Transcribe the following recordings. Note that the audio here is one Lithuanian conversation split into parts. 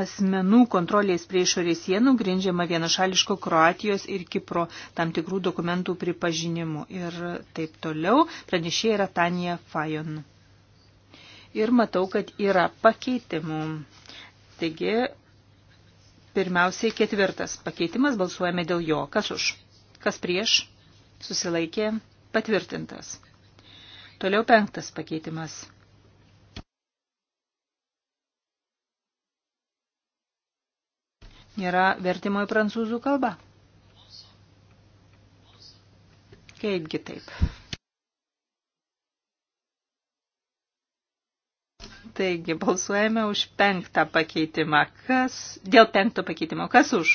asmenų kontrolės prie išorės sienų grindžiama vienašališko Kroatijos ir Kipro tam tikrų dokumentų pripažinimu. Ir taip toliau pranešė yra Tanja Fajon. Ir matau, kad yra pakeitimų. Taigi, pirmiausiai ketvirtas pakeitimas, balsuojame dėl jo. Kas už? Kas prieš? Susilaikė patvirtintas. Toliau penktas pakeitimas. yra vertimo į prancūzų kalbą. Kaipgi taip. Taigi, balsuojame už penktą pakeitimą. Kas, dėl penkto pakeitimo, kas už?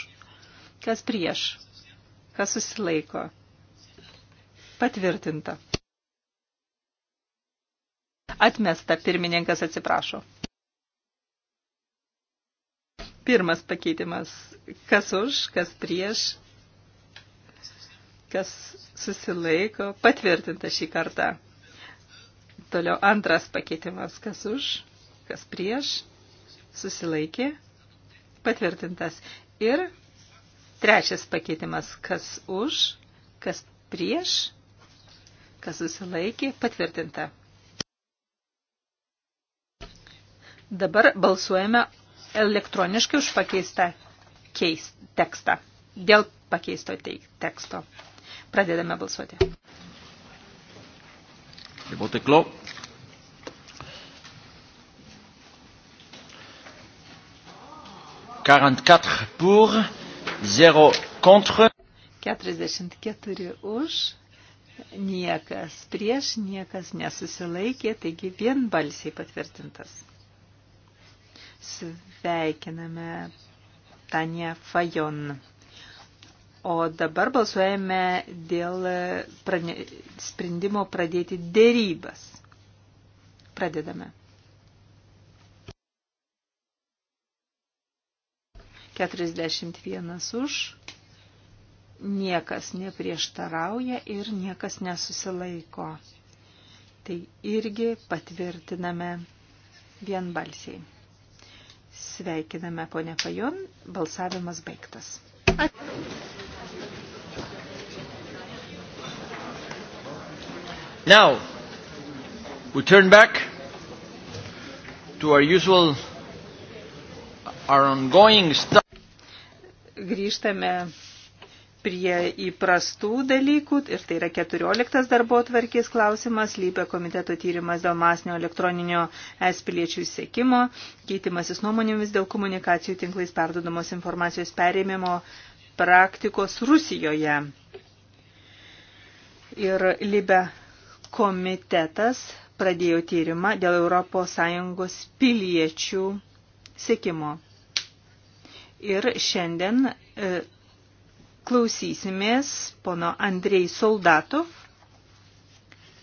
Kas prieš? Kas susilaiko? Patvirtinta. Atmesta pirmininkas atsiprašo. Pirmas pakeitimas. Kas už, kas prieš, kas susilaiko. Patvirtinta šį kartą. Toliau antras pakeitimas. Kas už, kas prieš, susilaikė. Patvirtintas. Ir trečias pakeitimas. Kas už, kas prieš, kas susilaikė. Patvirtinta. Dabar balsuojame elektroniškai už pakeistą keist, tekstą. Dėl pakeisto teik, teksto. Pradedame balsuoti. Riboteklo. pour, 0 contre. 44 už, niekas prieš, niekas nesusilaikė, taigi vienbalsiai patvirtintas. Sveikiname Tanja Fajon. O dabar balsuojame dėl prane, sprendimo pradėti dėrybas. Pradedame. 41 už, niekas neprieštarauja ir niekas nesusilaiko. Tai irgi patvirtiname vienbalsiai. Sveikiname ponę Fajon, balsavimas baigtas. Now, we turn back to our usual, our ongoing stuff. Grįžtame prie įprastų dalykų ir tai yra 14 darbo tvarkės klausimas, lybė komiteto tyrimas dėl masinio elektroninio es piliečių įsiekimo, keitimasis nuomonėmis dėl komunikacijų tinklais perdodamos informacijos perėmimo praktikos Rusijoje. Ir lybė komitetas pradėjo tyrimą dėl ES piliečių sėkimo. Ir šiandien e, klausysimės pono Andrei Soldatov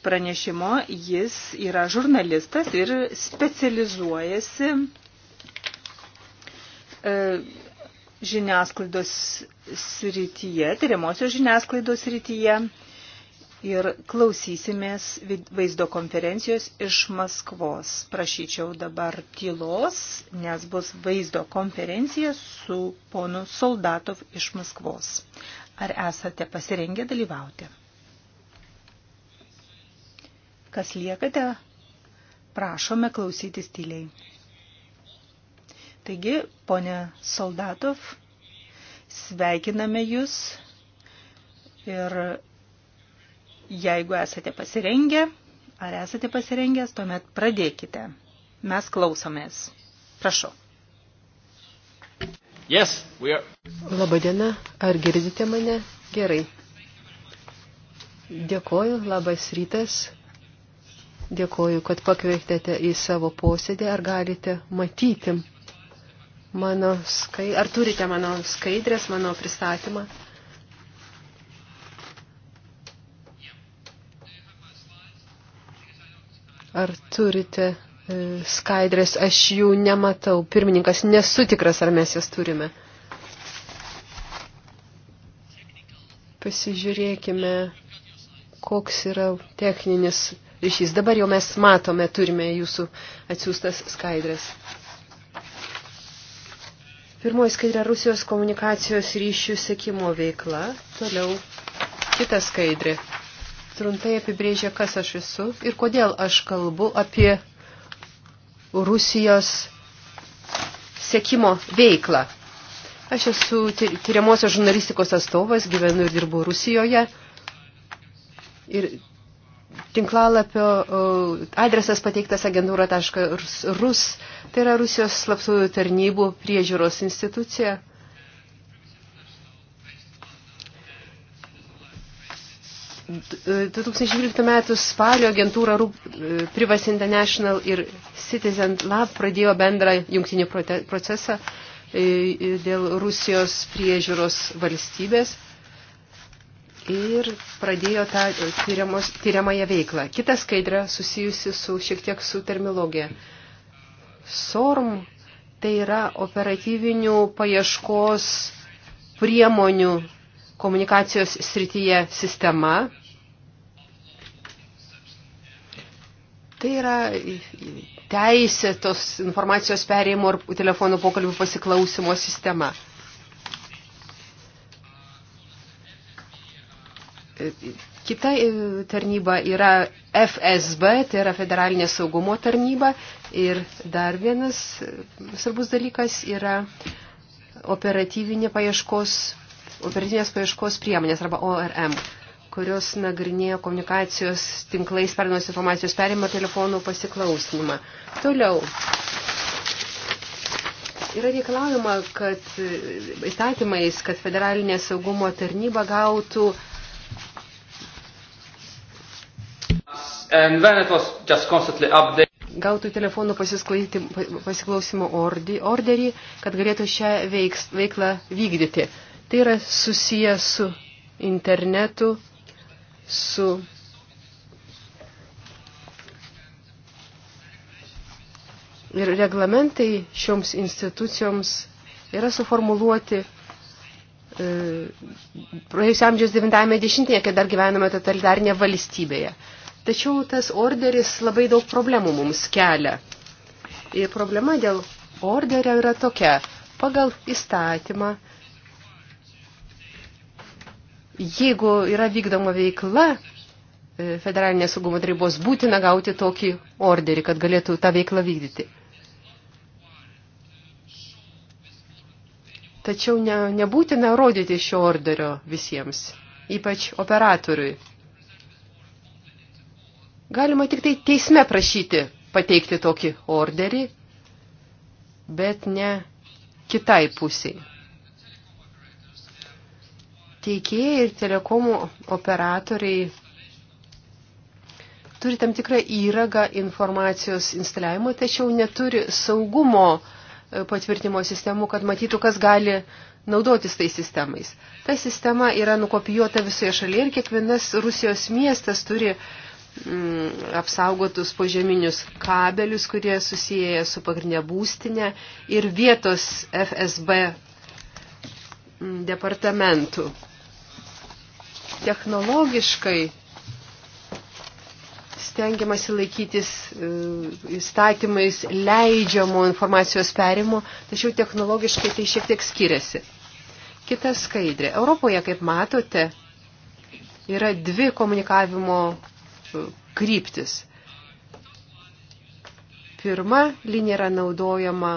pranešimo. Jis yra žurnalistas ir specializuojasi e, žiniasklaidos srityje, tyriamosios žiniasklaidos srityje ir klausysimės vaizdo konferencijos iš Maskvos. Prašyčiau dabar tylos, nes bus vaizdo konferencija su ponu Soldatov iš Maskvos. Ar esate pasirengę dalyvauti? Kas liekate, prašome klausytis tyliai. Taigi, ponė Soldatov, sveikiname jūs ir Jeigu esate pasirengę, ar esate pasirengęs, tuomet pradėkite. Mes klausomės. Prašau. Yes, we are. Labadiena, ar girdite mane? Gerai. Dėkoju, labas rytas. Dėkoju, kad pakvietėte į savo posėdį. Ar galite matyti mano skai... Ar turite mano skaidrės, mano pristatymą? Ar turite e, skaidrės? Aš jų nematau. Pirmininkas, nesu tikras, ar mes jas turime. Pasižiūrėkime, koks yra techninis ryšys. Dabar jau mes matome, turime jūsų atsiųstas skaidrės. Pirmoji skaidrė Rusijos komunikacijos ryšių sekimo veikla. Toliau kita skaidrė trumpai apibrėžia, kas aš esu ir kodėl aš kalbu apie Rusijos sekimo veiklą. Aš esu tyriamosios žurnalistikos atstovas, gyvenu ir dirbu Rusijoje. Ir tinklalapio adresas pateiktas agentūra.rus, tai yra Rusijos slaptųjų tarnybų priežiūros institucija. 2012 m. spalio agentūra Privacy International ir Citizen Lab pradėjo bendrą jungtinį procesą dėl Rusijos priežiūros valstybės ir pradėjo tą tyriamos, tyriamąją veiklą. Kita skaidrė susijusi su šiek tiek su terminologija. SORM tai yra operatyvinių paieškos priemonių komunikacijos srityje sistema. Tai yra teisė tos informacijos perėjimo ir telefonų pokalbių pasiklausimo sistema. Kita tarnyba yra FSB, tai yra federalinė saugumo tarnyba. Ir dar vienas svarbus dalykas yra operatyvinė paieškos operatyvinės paieškos priemonės arba ORM, kurios nagrinėjo komunikacijos tinklais perinos informacijos perimą telefonų pasiklausinimą. Toliau. Yra reikalaujama, kad e, įstatymais, kad federalinė saugumo tarnyba gautų And when it was just constantly updated gautų telefonų pasiklausimo orderį, kad galėtų šią veiks, veiklą vykdyti. Tai yra susijęs su internetu, su ir reglamentai šioms institucijoms yra suformuluoti e, praėjusio amžiaus 90-ąją, kai dar gyvename totalitarinėje valstybėje. Tačiau tas orderis labai daug problemų mums kelia. Ir problema dėl orderio yra tokia. Pagal įstatymą jeigu yra vykdoma veikla e, federalinės saugumo tarybos, būtina gauti tokį orderį, kad galėtų tą veiklą vykdyti. Tačiau ne, nebūtina rodyti šio orderio visiems, ypač operatoriui. Galima tik tai teisme prašyti pateikti tokį orderį, bet ne kitai pusiai teikėjai ir telekomų operatoriai turi tam tikrą įrangą informacijos instaliavimo, tačiau neturi saugumo e, patvirtinimo sistemų, kad matytų, kas gali naudotis tais sistemais. Ta sistema yra nukopijuota visoje šalyje ir kiekvienas Rusijos miestas turi mm, apsaugotus požeminius kabelius, kurie susiję su pagrindinė būstinė ir vietos FSB mm, departamentų technologiškai stengiamasi laikytis e, įstatymais leidžiamo informacijos perimo, tačiau technologiškai tai šiek tiek skiriasi. Kita skaidrė. Europoje, kaip matote, yra dvi komunikavimo e, kryptis. Pirma linija yra naudojama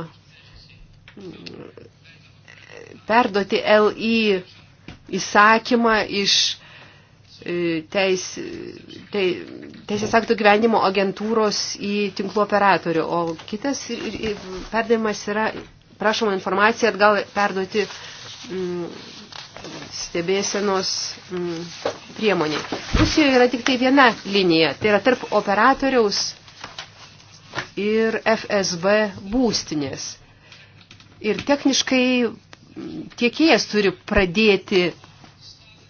perduoti LI įsakymą iš E, teis, te, teisės aktų gyvenimo agentūros į tinklų operatorių, o kitas perdavimas yra prašoma informacija atgal perduoti m, mm, stebėsenos m, mm, priemonė. Rusijoje yra tik tai viena linija, tai yra tarp operatoriaus ir FSB būstinės. Ir techniškai mm, tiekėjas turi pradėti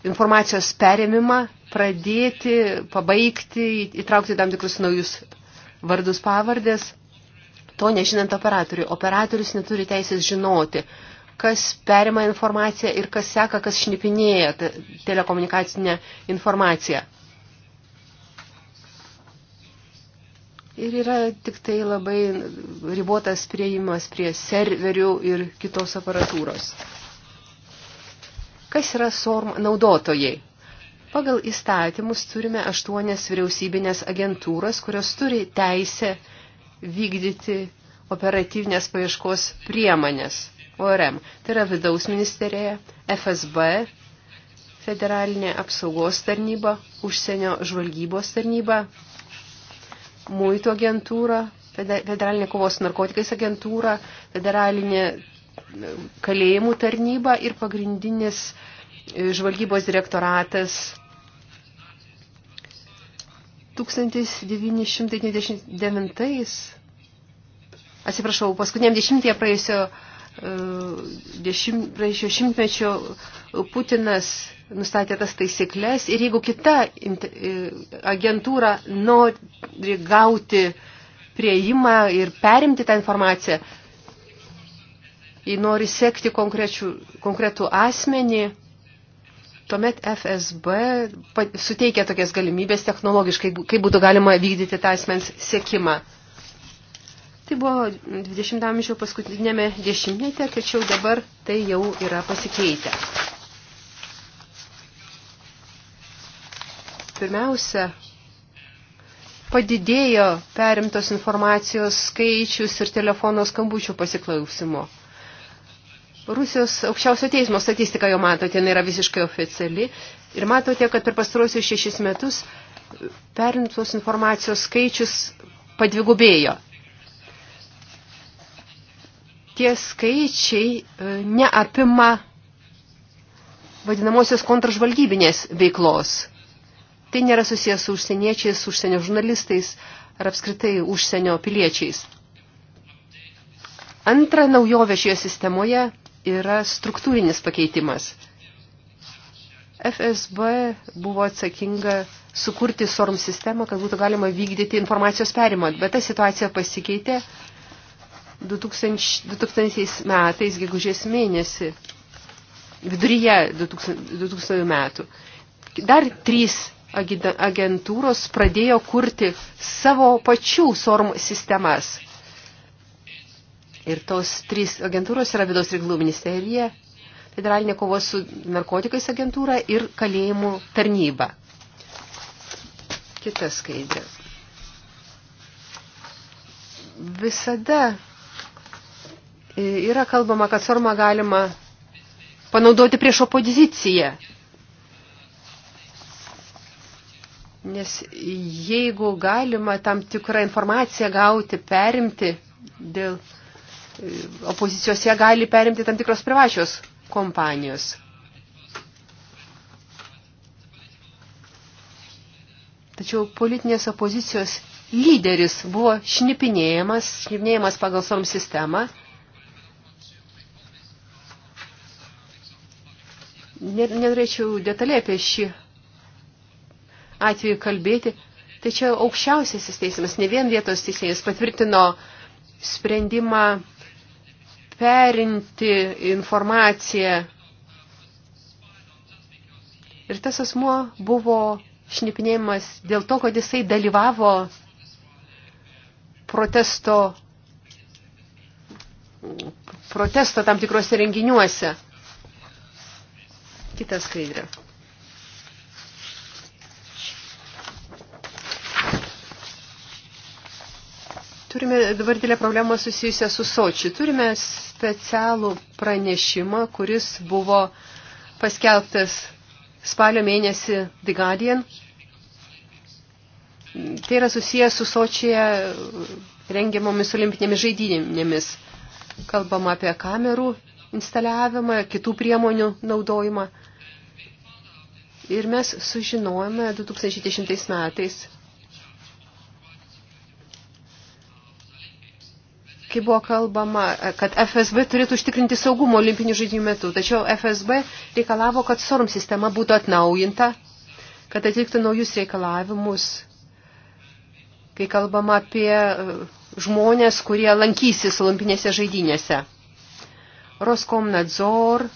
informacijos perėmimą pradėti, pabaigti, įtraukti tam tikrus naujus vardus pavardės, to nežinant operatoriui. Operatorius neturi teisės žinoti, kas perima informaciją ir kas seka, kas šnipinėja telekomunikacinę informaciją. Ir yra tik tai labai ribotas prieimas prie serverių ir kitos aparatūros. Kas yra SORM naudotojai? Pagal įstatymus turime aštuonias vyriausybinės agentūras, kurios turi teisę vykdyti operatyvinės paieškos priemonės ORM. Tai yra vidaus ministerija, FSB, federalinė apsaugos tarnyba, užsienio žvalgybos tarnyba, muitų agentūra, federalinė kovos narkotikais agentūra, federalinė kalėjimų tarnyba ir pagrindinis e, žvalgybos direktoratas 1999, atsiprašau, paskutiniam dešimtėje praėjusio, e, dešim, praėjusio šimtmečio Putinas nustatė tas taisyklės ir jeigu kita e, agentūra nori gauti prieimą ir perimti tą informaciją, jei nori sekti konkretų asmenį, tuomet FSB suteikia tokias galimybės technologiškai, kaip būtų galima vykdyti tą asmens sekimą. Tai buvo 20 amžiaus paskutinėme dešimtmete, tačiau dabar tai jau yra pasikeitę. Pirmiausia, padidėjo perimtos informacijos skaičius ir telefono skambučių pasiklausimo. Rusijos aukščiausio teismo statistika jau matote, jinai yra visiškai oficiali. Ir matote, kad per pastaruosius šešis metus e, perintos informacijos skaičius padvigubėjo. Tie skaičiai e, neapima vadinamosios kontražvalgybinės veiklos. Tai nėra susijęs su užsieniečiais, užsienio žurnalistais ar apskritai užsienio piliečiais. Antra naujovė šioje sistemoje yra struktūrinis pakeitimas. FSB buvo atsakinga sukurti SORM sistemą, kad būtų galima vykdyti informacijos perimą, bet ta situacija pasikeitė 2000, 2000 metais, gegužės mėnesį, viduryje 2000, 2000 metų. Dar trys agentūros pradėjo kurti savo pačių SORM sistemas – Ir tos trys agentūros yra vidaus reikalų ministerija, federalinė kovos su narkotikais agentūra ir kalėjimų tarnyba. Kita skaidrė. Visada e, yra kalbama, kad sormą galima panaudoti prieš opoziciją. Nes jeigu galima tam tikrą informaciją gauti, perimti dėl Opozicijos ją gali perimti tam tikros privačios kompanijos. Tačiau politinės opozicijos lyderis buvo šnipinėjamas, šnipinėjamas pagal savo sistemą. Nenorėčiau detaliai apie šį atvejį kalbėti. Tai čia aukščiausiasis teismas, ne vien vietos teisėjas, patvirtino sprendimą perinti informaciją. Ir tas asmuo buvo šnipinėjimas dėl to, kad jisai dalyvavo protesto, protesto tam tikrose renginiuose. Kita skaidrė. Turime dabar dėlę problemą susijusią su Sočiu. Turime specialų pranešimą, kuris buvo paskelbtas spalio mėnesį The Guardian. Tai yra susijęs su Sočyje rengiamomis olimpinėmis žaidynėmis. Kalbama apie kamerų instaliavimą, kitų priemonių naudojimą. Ir mes sužinojame 2010 metais kai buvo kalbama, kad FSB turėtų užtikrinti saugumą olimpinių žaidimų metu, tačiau FSB reikalavo, kad SORM sistema būtų atnaujinta, kad atliktų naujus reikalavimus, kai kalbama apie e, žmonės, kurie lankysis olimpinėse žaidynėse. Roskomnadzor,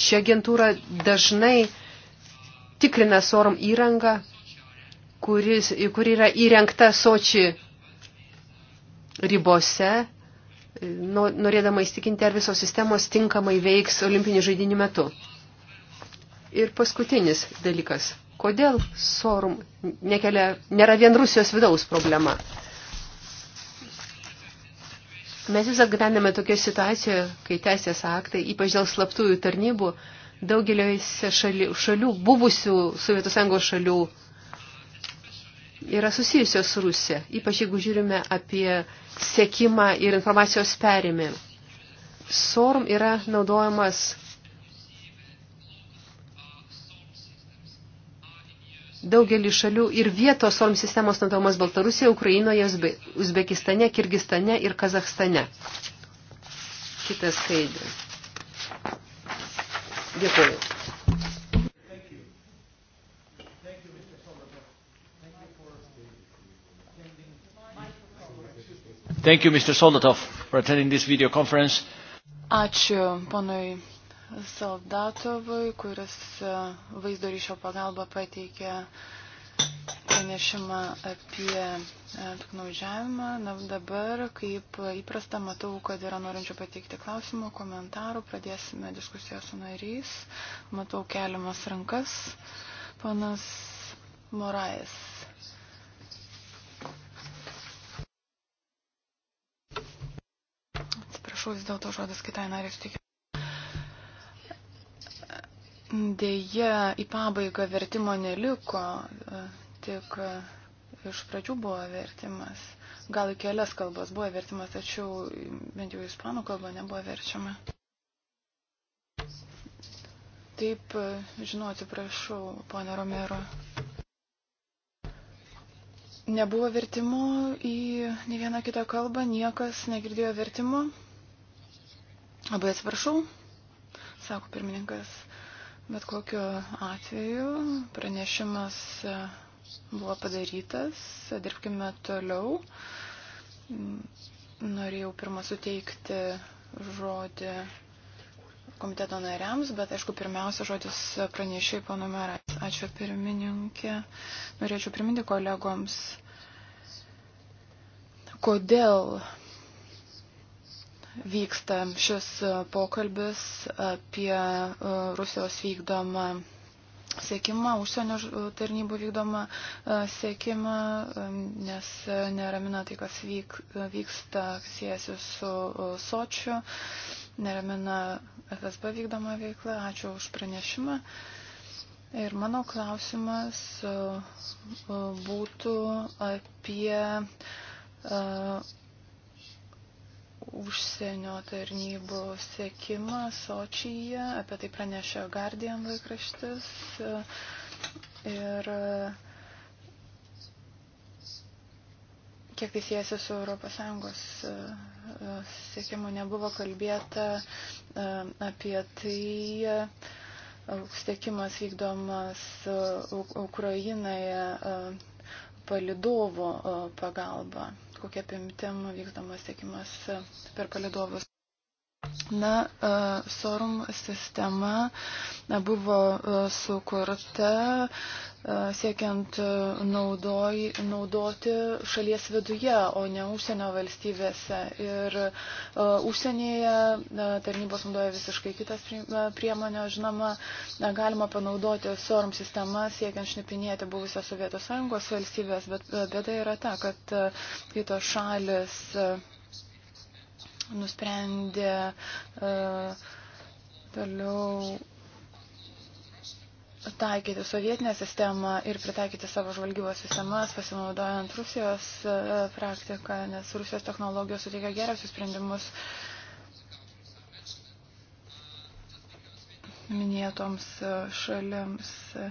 ši agentūra dažnai tikrina SORM įrangą, kuris, kuri yra įrengta Soči ribose, norėdama įstikinti, ar visos sistemos tinkamai veiks olimpinių žaidinių metu. Ir paskutinis dalykas. Kodėl sorum nekelia, nėra vien Rusijos vidaus problema? Mes vis atgyvename tokioje situacijoje, kai teisės aktai, ypač dėl slaptųjų tarnybų, daugelio šalių, šalių buvusių Sovietų Sąjungos šalių yra susijusios su Rusija, ypač jeigu žiūrime apie sekimą ir informacijos perimį. SORM yra naudojamas daugelį šalių ir vietos SORM sistemos naudojamas Baltarusijoje, Ukrainoje, Uzbekistane, Kirgistane ir Kazahstane. Kitas skaidrė. Dėkuoju. Thank you, Mr. Soldatov, for attending this video conference. Ačiū ponui Soldatovui, kuris e, vaizdo ryšio pagalba pateikė pranešimą apie e, piknaudžiavimą. Na dabar, kaip įprasta, matau, kad yra norinčių pateikti klausimų, komentarų. Pradėsime diskusiją su nariais. Matau keliamas rankas. Panas Morais. Prašau vis dėlto žodis kitai nariai sutikti. Deja, į pabaigą vertimo neliko, tik iš pradžių buvo vertimas. Gal į kelias kalbas buvo vertimas, tačiau bent jau ispanų kalba nebuvo verčiama. Taip, žinau, atsiprašau, ponė Romero. Nebuvo vertimo į ne vieną kitą kalbą, niekas negirdėjo vertimo. Labai atsiprašau, sako pirmininkas, bet kokiu atveju pranešimas buvo padarytas, dirbkime toliau. Norėjau pirmą suteikti žodį komiteto nariams, bet aišku, pirmiausia žodis pranešiai pono merais. Ačiū pirmininkė. Norėčiau priminti kolegoms, kodėl vyksta šis e, pokalbis apie e, Rusijos vykdomą sėkimą, užsienio e, tarnybų vykdomą sėkimą, nes neramina tai, kas vyk, vyksta, siejasi su Sočiu, neramina FSB vykdomą veiklą. Ačiū už pranešimą. Ir mano klausimas būtų apie užsienio tarnybų sėkimą Sočyje, apie tai pranešė Guardian laikraštis. Ir kiek tai siejasi su ES sėkimu, e, nebuvo kalbėta e, apie tai. E, Stiekimas vykdomas Ukrainoje palidovo pagalba kokia apimtim vykdomas sėkimas per palidovus. Na, e, sorum sistema e, buvo e, sukurta siekiant naudoj, naudoti šalies viduje, o ne užsienio valstybėse. Ir užsienyje tarnybos naudoja visiškai kitas priemonę. Žinoma, galima panaudoti sorum sistemą siekiant šnipinėti buvusias Sovietų Sąjungos valstybės, bet bėda yra ta, kad kitos šalis nusprendė uh, toliau taikyti sovietinę sistemą ir pritaikyti savo žvalgybos sistemas, pasinaudojant Rusijos uh, praktiką, nes Rusijos technologijos suteikia geriausius sprendimus minėtoms e, šalims. Uh,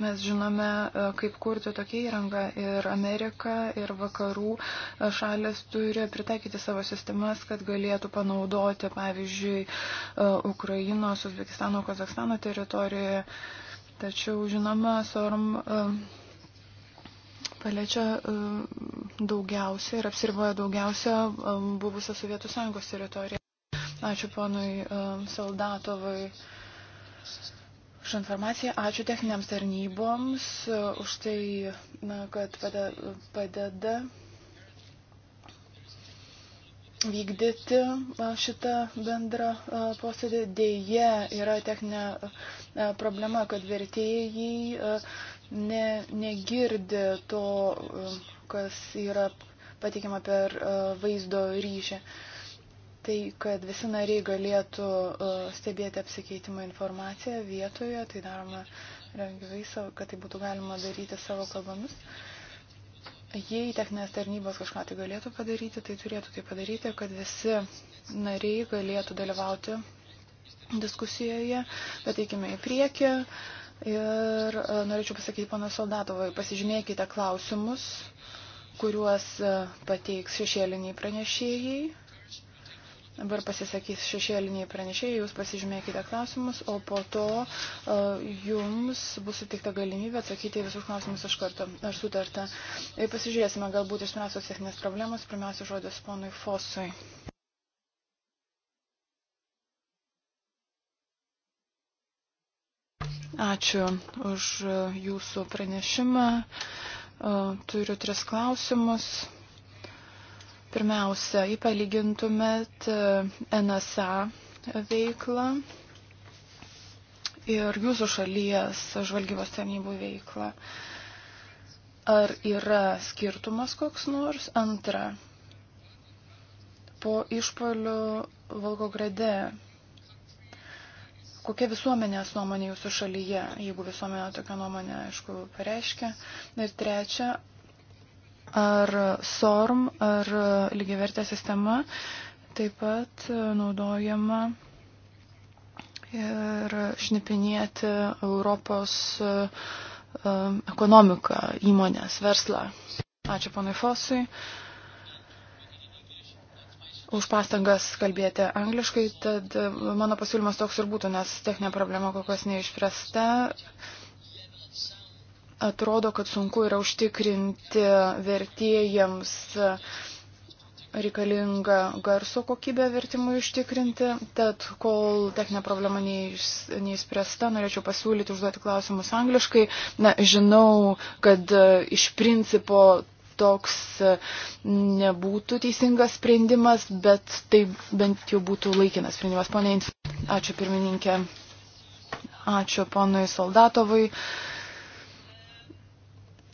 Mes žinome, e, kaip kurti tokią įrangą ir Amerika, ir vakarų e, šalės turi pritaikyti savo sistemas, kad galėtų panaudoti, pavyzdžiui, e, Ukrainos, Uzbekistano, Kazakstano teritorijoje. Tačiau, žinoma, SORM paliečia daugiausia ir apsirboja daugiausia buvusią Sovietų Sąjungos teritoriją. Ačiū ponui Saldatovai už informaciją. Ačiū techniniams tarnyboms e, už tai, na, kad padeda vykdyti e, šitą bendrą e, posėdį. Deja, yra techninė problema, kad vertėjai ne, negirdi to, kas yra pateikiama per vaizdo ryšį. Tai, kad visi nariai galėtų e, stebėti apsikeitimą informaciją vietoje, tai daroma lengvai, kad tai būtų galima daryti savo kalbomis. Jei techninės tarnybos kažką tai galėtų padaryti, tai turėtų tai padaryti, kad visi nariai galėtų dalyvauti diskusijoje, bet eikime į priekį. Ir e, norėčiau pasakyti, panas Soldatovai, pasižymėkite klausimus, kuriuos e, pateiks šešėliniai pranešėjai Dabar pasisakys šešėliniai pranešėjai, jūs pasižymėkite klausimus, o po to uh, jums bus sutikta galimybė atsakyti į visus klausimus iš karto. Ar sutarta? Ir e, pasižiūrėsime, galbūt išspręstos techninės problemos. Pirmiausia, žodis ponui Fosui. Ačiū už e, jūsų pranešimą. Turiu tris klausimus. Pirmiausia, jei palygintumėt e, NSA veiklą ir jūsų šalies žvalgybos tarnybų veiklą, ar yra skirtumas koks nors? Antra, po išpolių Volgograde kokia visuomenės nuomonė jūsų šalyje, jeigu visuomenė tokią nuomonę, aišku, pareiškia. Ir trečia, ar SORM, ar lygiavertė sistema taip pat e, naudojama ir šnipinėti Europos e, e, ekonomiką, įmonės, verslą. Ačiū ponui Fosui už pastangas kalbėti angliškai, tad mano pasiūlymas toks ir būtų, nes techninė problema kol kas neišspręsta. Atrodo, kad sunku yra užtikrinti vertėjams reikalinga garso kokybė vertimui užtikrinti. Tad kol techninė problema neįspręsta, norėčiau pasiūlyti užduoti klausimus angliškai. Na, žinau, kad e, iš principo toks e, nebūtų teisingas sprendimas, bet tai bent jau būtų laikinas sprendimas. Pone, ačiū pirmininkė, ačiū ponui Soldatovui. Uh,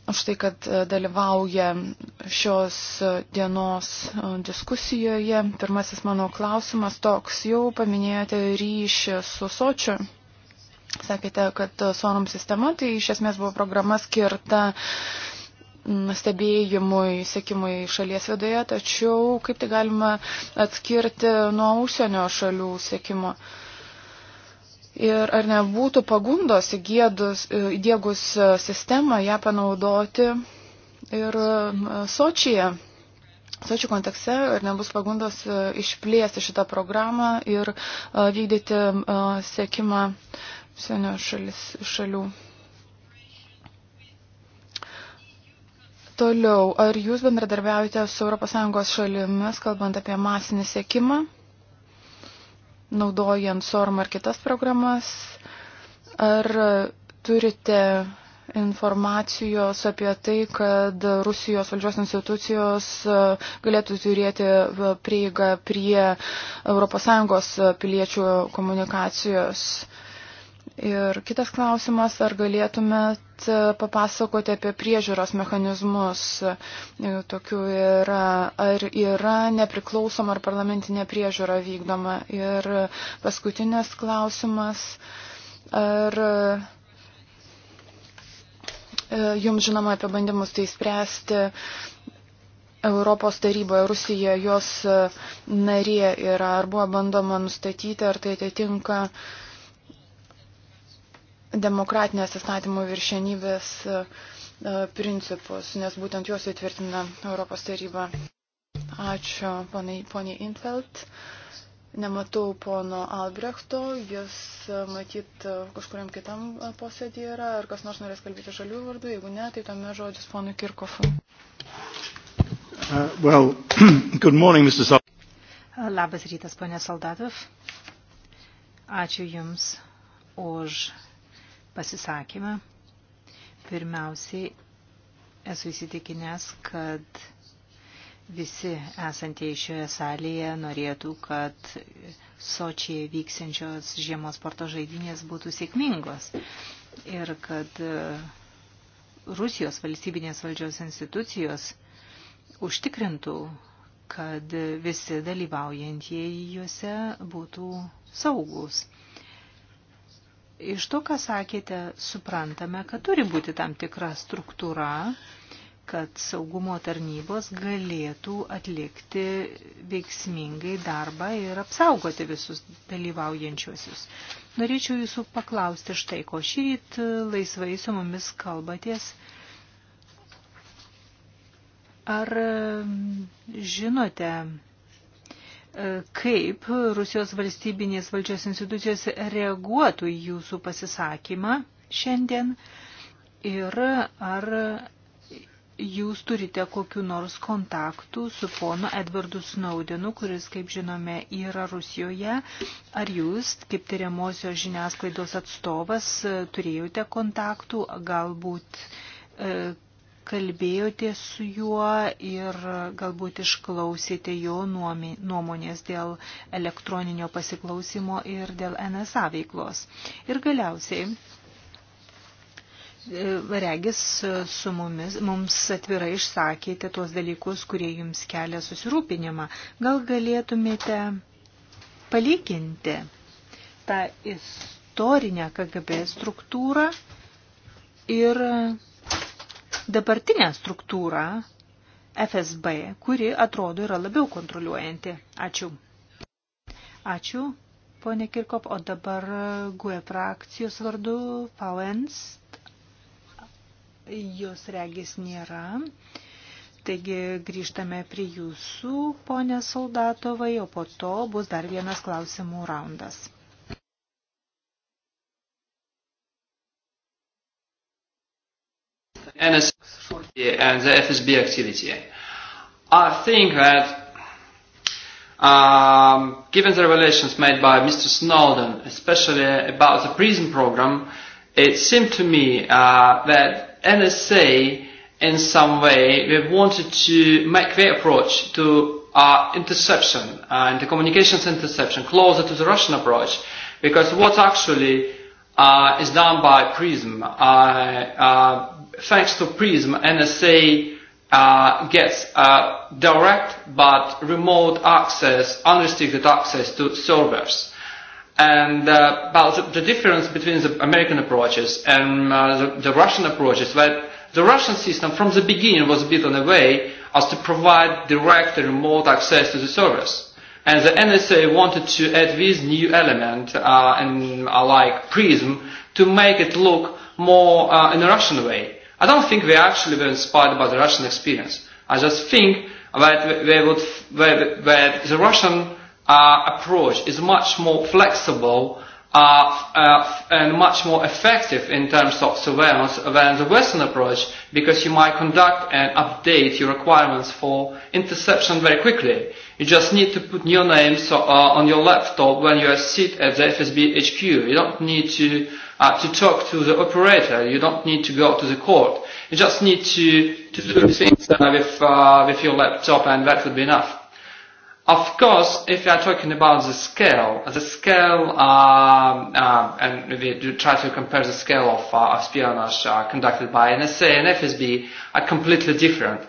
už tai, kad e, dalyvauja šios e, dienos e, diskusijoje. Pirmasis mano klausimas toks. Jau paminėjote ryšį su Sočiu. Sakėte, kad Sonom sistema tai iš esmės buvo programa skirta stebėjimui, sėkimui šalies viduje, tačiau kaip tai galima atskirti nuo užsienio šalių sėkimo? Uh, Ir ar nebūtų pagundos įdėgus e, sistemą ją panaudoti ir Sočyje, Sočių kontekste, ar nebus pagundos e, išplėsti šitą programą ir e, vykdyti sėkimą senio šalis, šalių. Toliau, ar jūs bendradarbiaujate su ES šalimis, kalbant apie masinį sėkimą? naudojant SORM ar kitas programas? Ar turite informacijos apie tai, kad Rusijos valdžios institucijos e, galėtų turėti e, prieigą prie ES piliečių komunikacijos. Ir kitas klausimas, ar galėtumėt pat e, papasakoti apie priežiūros mechanizmus. E, tokių yra, ar yra nepriklausoma ar parlamentinė priežiūra vykdoma. Ir paskutinis klausimas, ar e, jums žinoma apie bandymus tai spręsti. Europos taryboje Rusija jos narė yra, ar buvo bandoma nustatyti, ar tai atitinka uh, demokratinės įstatymų viršenybės e, e, principus, nes būtent juos įtvirtina Europos taryba. Ačiū poniai Infeld. Nematau pono Albrechto, jis e, matyt kažkuriam kitam posėdį yra, ar kas nors norės kalbėti žalių vardu, jeigu ne, tai tame žodis ponui Kirkofui. Uh, well, good morning, Mr. Sol Labas rytas, ponė Soldatov. Ačiū Jums už pasisakymą. Pirmiausiai esu įsitikinęs, kad visi esantieji šioje salėje norėtų, kad Sočiai vyksiančios žiemos sporto žaidynės būtų sėkmingos ir kad e, Rusijos valstybinės valdžios institucijos užtikrintų, kad visi dalyvaujantieji juose būtų saugus. Iš to, ką sakėte, suprantame, kad turi būti tam tikra struktūra, kad saugumo tarnybos galėtų atlikti veiksmingai darbą ir apsaugoti visus dalyvaujančiuosius. Norėčiau jūsų paklausti štai, ko šį rytą laisvai su mumis kalbaties. Ar žinote, kaip Rusijos valstybinės valdžios institucijos reaguotų į jūsų pasisakymą šiandien ir ar jūs turite kokiu nors kontaktų su ponu Edvardu Snaudenu, kuris, kaip žinome, yra Rusijoje. Ar jūs, kaip tyriamosios žiniasklaidos atstovas, turėjote kontaktų, galbūt e, kalbėjote su juo ir galbūt išklausėte jo nuomonės dėl elektroninio pasiklausimo ir dėl NSA veiklos. Ir galiausiai, e, regis, su mumis, mums atvirai išsakėte tuos dalykus, kurie jums kelia susirūpinimą. Gal galėtumėte palyginti tą istorinę KGB struktūrą ir dabartinę struktūrą FSB, kuri atrodo yra labiau kontroliuojanti. Ačiū. Ačiū, ponė Kirkop, o dabar GUE frakcijos vardu Pauens. Jos regis nėra. Taigi grįžtame prie jūsų, ponė Soldatovai, o po to bus dar vienas klausimų raundas. NSA and the FSB activity. I think that um, given the revelations made by Mr. Snowden, especially about the prison program, it seemed to me uh, that NSA in some way they wanted to make their approach to uh, interception uh, and the communications interception closer to the Russian approach because what actually uh, is done by PRISM uh, uh, thanks to PRISM, NSA uh, gets uh, direct but remote access, unrestricted access to servers. And uh, about the, the difference between the American approaches and uh, the, the Russian approaches, that the Russian system from the beginning was built in a way as to provide direct and remote access to the servers. And the NSA wanted to add this new element, uh, and uh, like PRISM, to make it look more uh, in a Russian way I don't think they actually were inspired by the Russian experience. I just think that they would, that, that the Russian uh, approach is much more flexible uh, uh, and much more effective in terms of surveillance than the Western approach because you might conduct and update your requirements for interception very quickly. You just need to put your name so, uh, on your laptop when you are sit at the FSB HQ. You don't need to uh, to talk to the operator. You don't need to go to the court. You just need to, to do things uh, with, uh, with your laptop and that would be enough. Of course, if you are talking about the scale, the scale, um, uh, and if you try to compare the scale of uh, espionage uh, conducted by NSA and FSB, are completely different.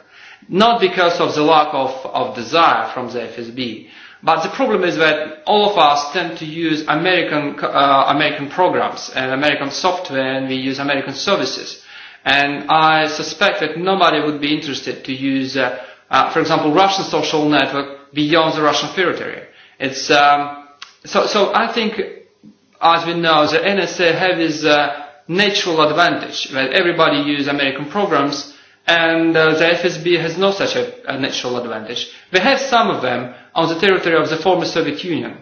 Not because of the lack of, of desire from the FSB, But the problem is that all of us tend to use American, uh, American programs and American software and we use American services. And I suspect that nobody would be interested to use, uh, uh, for example, Russian social network beyond the Russian territory. It's, um, so, so I think, as we know, the NSA have this uh, natural advantage that everybody uses American programs and uh, the FSB has no such a, a natural advantage. They have some of them, on the territory of the former Soviet Union,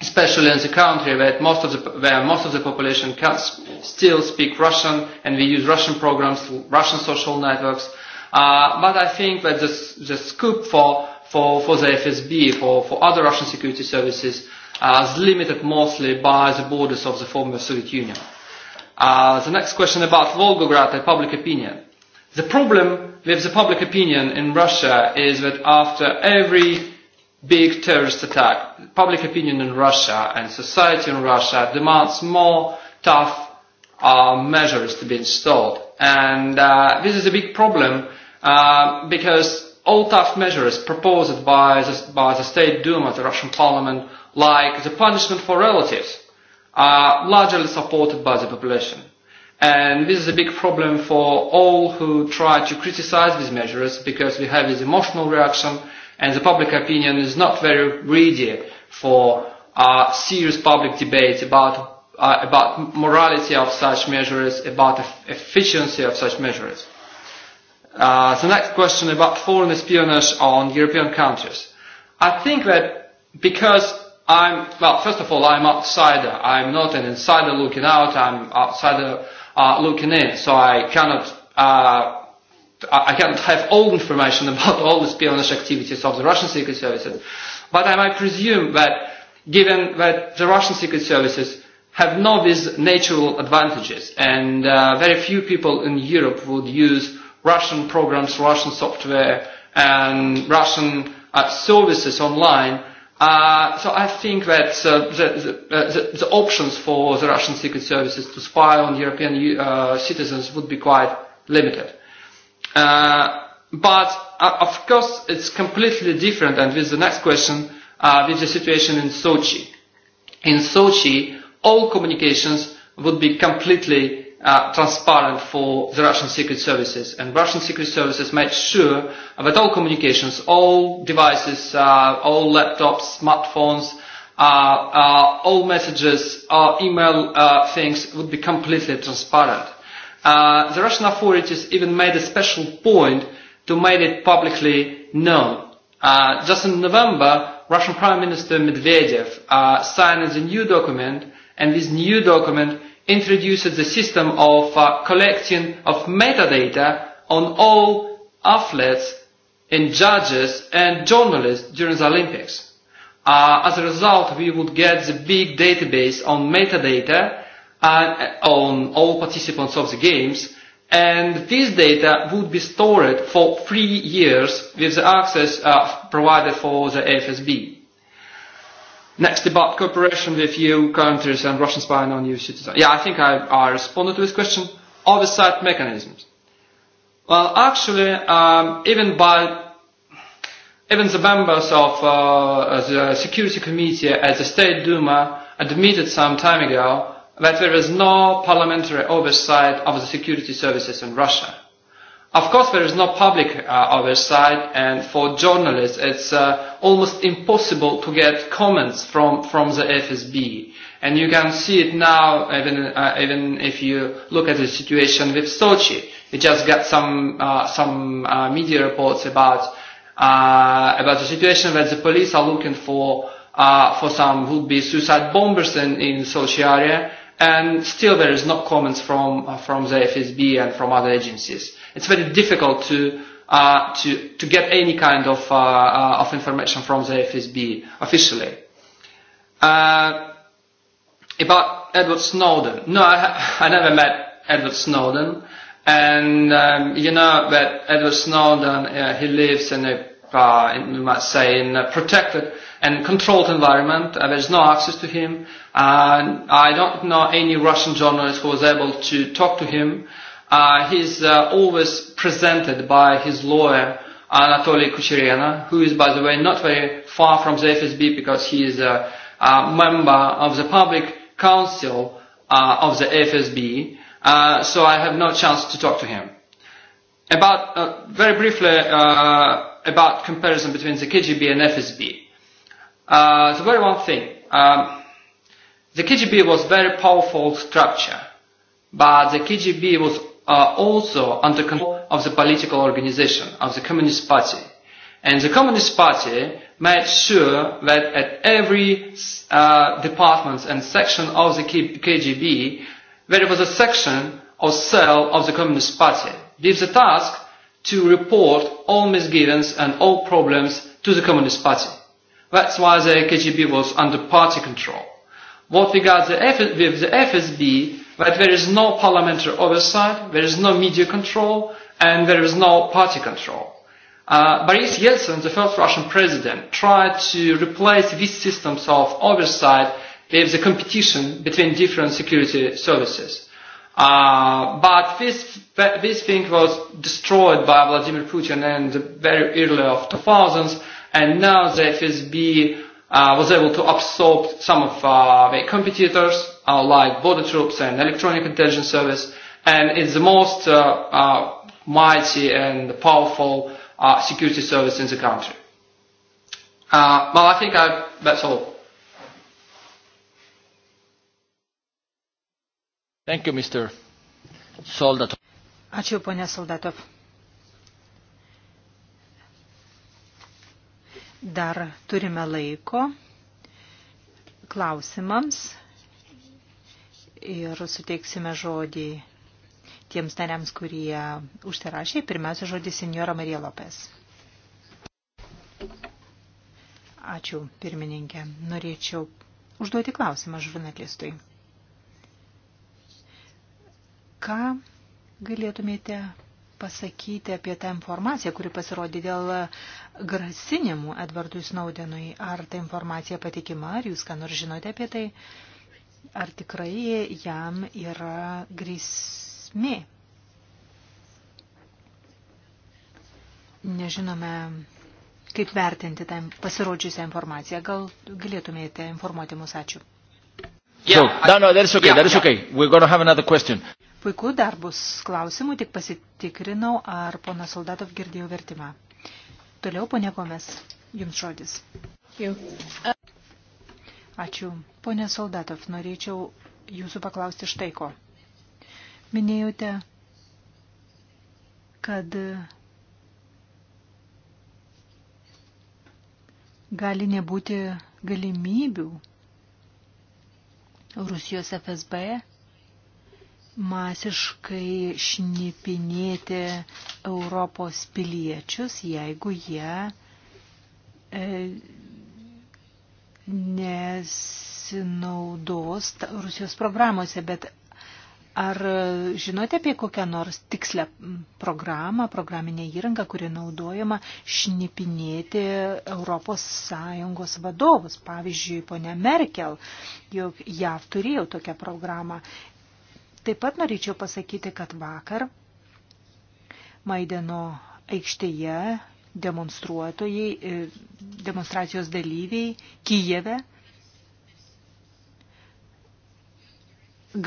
especially in the country where most of the, where most of the population can still speak Russian and we use Russian programs, Russian social networks. Uh, but I think that the, the scope for, for, for the FSB, for, for other Russian security services, uh, is limited mostly by the borders of the former Soviet Union. Uh, the next question about Volgograd and public opinion. The problem with the public opinion in Russia is that after every big terrorist attack. Public opinion in Russia and society in Russia demands more tough uh, measures to be installed. And uh, this is a big problem uh, because all tough measures proposed by the, by the State Duma, the Russian parliament, like the punishment for relatives, are largely supported by the population. And this is a big problem for all who try to criticize these measures because we have this emotional reaction uh, and the public opinion is not very ready for uh, serious public debate about uh, about morality of such measures, about efficiency of such measures. Uh, the next question about foreign espionage on European countries. I think that because I'm, well, first of all, I'm outsider. I'm not an insider looking out. I'm outsider uh, looking in. So I cannot uh, I can't have all information about all the espionage activities of the Russian secret services, but I might presume that given that the Russian secret services have no these natural advantages and uh, very few people in Europe would use Russian programs, Russian software and Russian uh, services online. Uh, so I think that uh, the, the, uh, the, the options for the Russian secret services to spy on European uh, citizens would be quite limited. Uh, but uh, of course, it's completely different. And with the next question, uh, with the situation in Sochi, in Sochi, all communications would be completely uh, transparent for the Russian secret services, and Russian secret services made sure that all communications, all devices, uh, all laptops, smartphones, uh, uh, all messages, uh, email uh, things would be completely transparent Uh, the Russian authorities even made a special point to make it publicly known. Uh, just in November, Russian Prime Minister Medvedev uh, signed a new document, and this new document introduces the system of uh, collecting of metadata on all athletes and judges and journalists during the Olympics. Uh, as a result, we would get the big database on metadata and, uh, on all participants of the games, and this data would be stored for three years with the access uh, provided for the FSB. Next about cooperation with EU countries and Russian spying on EU citizens. Yeah, I think I, I responded to this question. Oversight mechanisms. Well, actually, um, even by even the members of uh, the Security Committee at the State Duma admitted some time ago that there is no parliamentary oversight of the security services in Russia. Of course, there is no public uh, oversight, and for journalists, it's uh, almost impossible to get comments from, from the FSB. And you can see it now, even, uh, even if you look at the situation with Sochi. We just got some, uh, some uh, media reports about, uh, about the situation where the police are looking for uh, for some would-be suicide bombers in, in Sochi area, and still there is no comments from uh, from the FSB and from other agencies. It's very difficult to uh, to to get any kind of uh, uh, of information from the FSB officially. Uh, about Edward Snowden, no, I, I never met Edward Snowden, and um, you know that Edward Snowden uh, he lives in a uh, we must say, in a protected and controlled environment. Uh, there's no access to him. Uh, I don't know any Russian journalist who was able to talk to him. Uh, he's uh, always presented by his lawyer, Anatoly Kucherena, who is, by the way, not very far from the FSB because he is a, a member of the public council uh, of the FSB. Uh, so I have no chance to talk to him. About, uh, very briefly, uh, about comparison between the KGB and FSB. Uh, the very one thing, um, the KGB was very powerful structure, but the KGB was uh, also under control of the political organization of the Communist Party. And the Communist Party made sure that at every uh, department and section of the KGB, there was a section or cell of the Communist Party. Did the task to report all misgivings and all problems to the Communist Party. That's why the KGB was under party control. What we got the F- with the FSB, that there is no parliamentary oversight, there is no media control, and there is no party control. Uh, Boris Yeltsin, the first Russian president, tried to replace these systems of oversight with the competition between different security services Uh, but this, this thing was destroyed by Vladimir Putin in the very early of 2000s, and now the FSB uh, was able to absorb some of uh, their competitors, uh, like border troops and electronic intelligence service, and it's the most uh, uh, mighty and powerful uh, security service in the country. Uh, well, I think I, that's all. Thank you, Mr. Soldatov. Ačiū, ponė Soldatov. Dar turime laiko klausimams ir suteiksime žodį tiems nariams, kurie užsirašė. Pirmiausia, žodį senjora Marija Lopes. Ačiū, pirmininkė. Norėčiau užduoti klausimą žurnalistui. Ką galėtumėte pasakyti apie tą informaciją, kuri pasirodė dėl grasinimų Edvardui Snaudenui? Ar ta informacija patikima, ar jūs ką nors žinote apie tai? Ar tikrai jam yra grėsmė? Nežinome, kaip vertinti tą pasirodžiusią informaciją. Gal galėtumėte informuoti mus? Ačiū. Yeah, so, no, no, that's okay. Yeah, that's okay. We're going to have another question. Puiku, dar bus klausimų, tik pasitikrinau, ar ponas Soldatov girdėjo vertimą. Toliau, ponė Gomes, jums žodis. Ačiū. Pone Soldatov, norėčiau jūsų paklausti štai ko. Minėjote, kad gali nebūti galimybių Rusijos FSB masiškai šnipinėti Europos piliečius, jeigu jie e, nesinaudos Rusijos programuose, bet ar žinote apie kokią nors tikslę programą, programinę įrangą, kuri naudojama šnipinėti ES vadovus? Pavyzdžiui, ponia Merkel, juk JAV turėjo tokią programą Taip pat norėčiau pasakyti, kad vakar Maideno aikštėje demonstruotojai, e, demonstracijos dalyviai Kijeve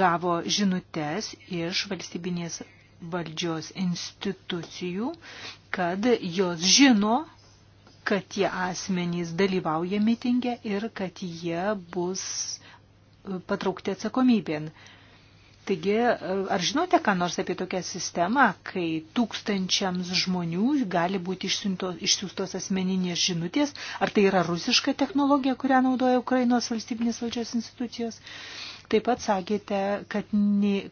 gavo žinutes iš valstybinės valdžios institucijų, kad jos žino, kad tie asmenys dalyvauja mitinge ir kad jie bus patraukti atsakomybėn. Taigi, ar žinote, ką nors apie tokią sistemą, kai tūkstančiams žmonių gali būti išsiunto, išsiųstos asmeninės žinutės, ar tai yra rusiška technologija, kurią naudoja Ukrainos valstybinės valdžios institucijos? Taip pat sakėte, kad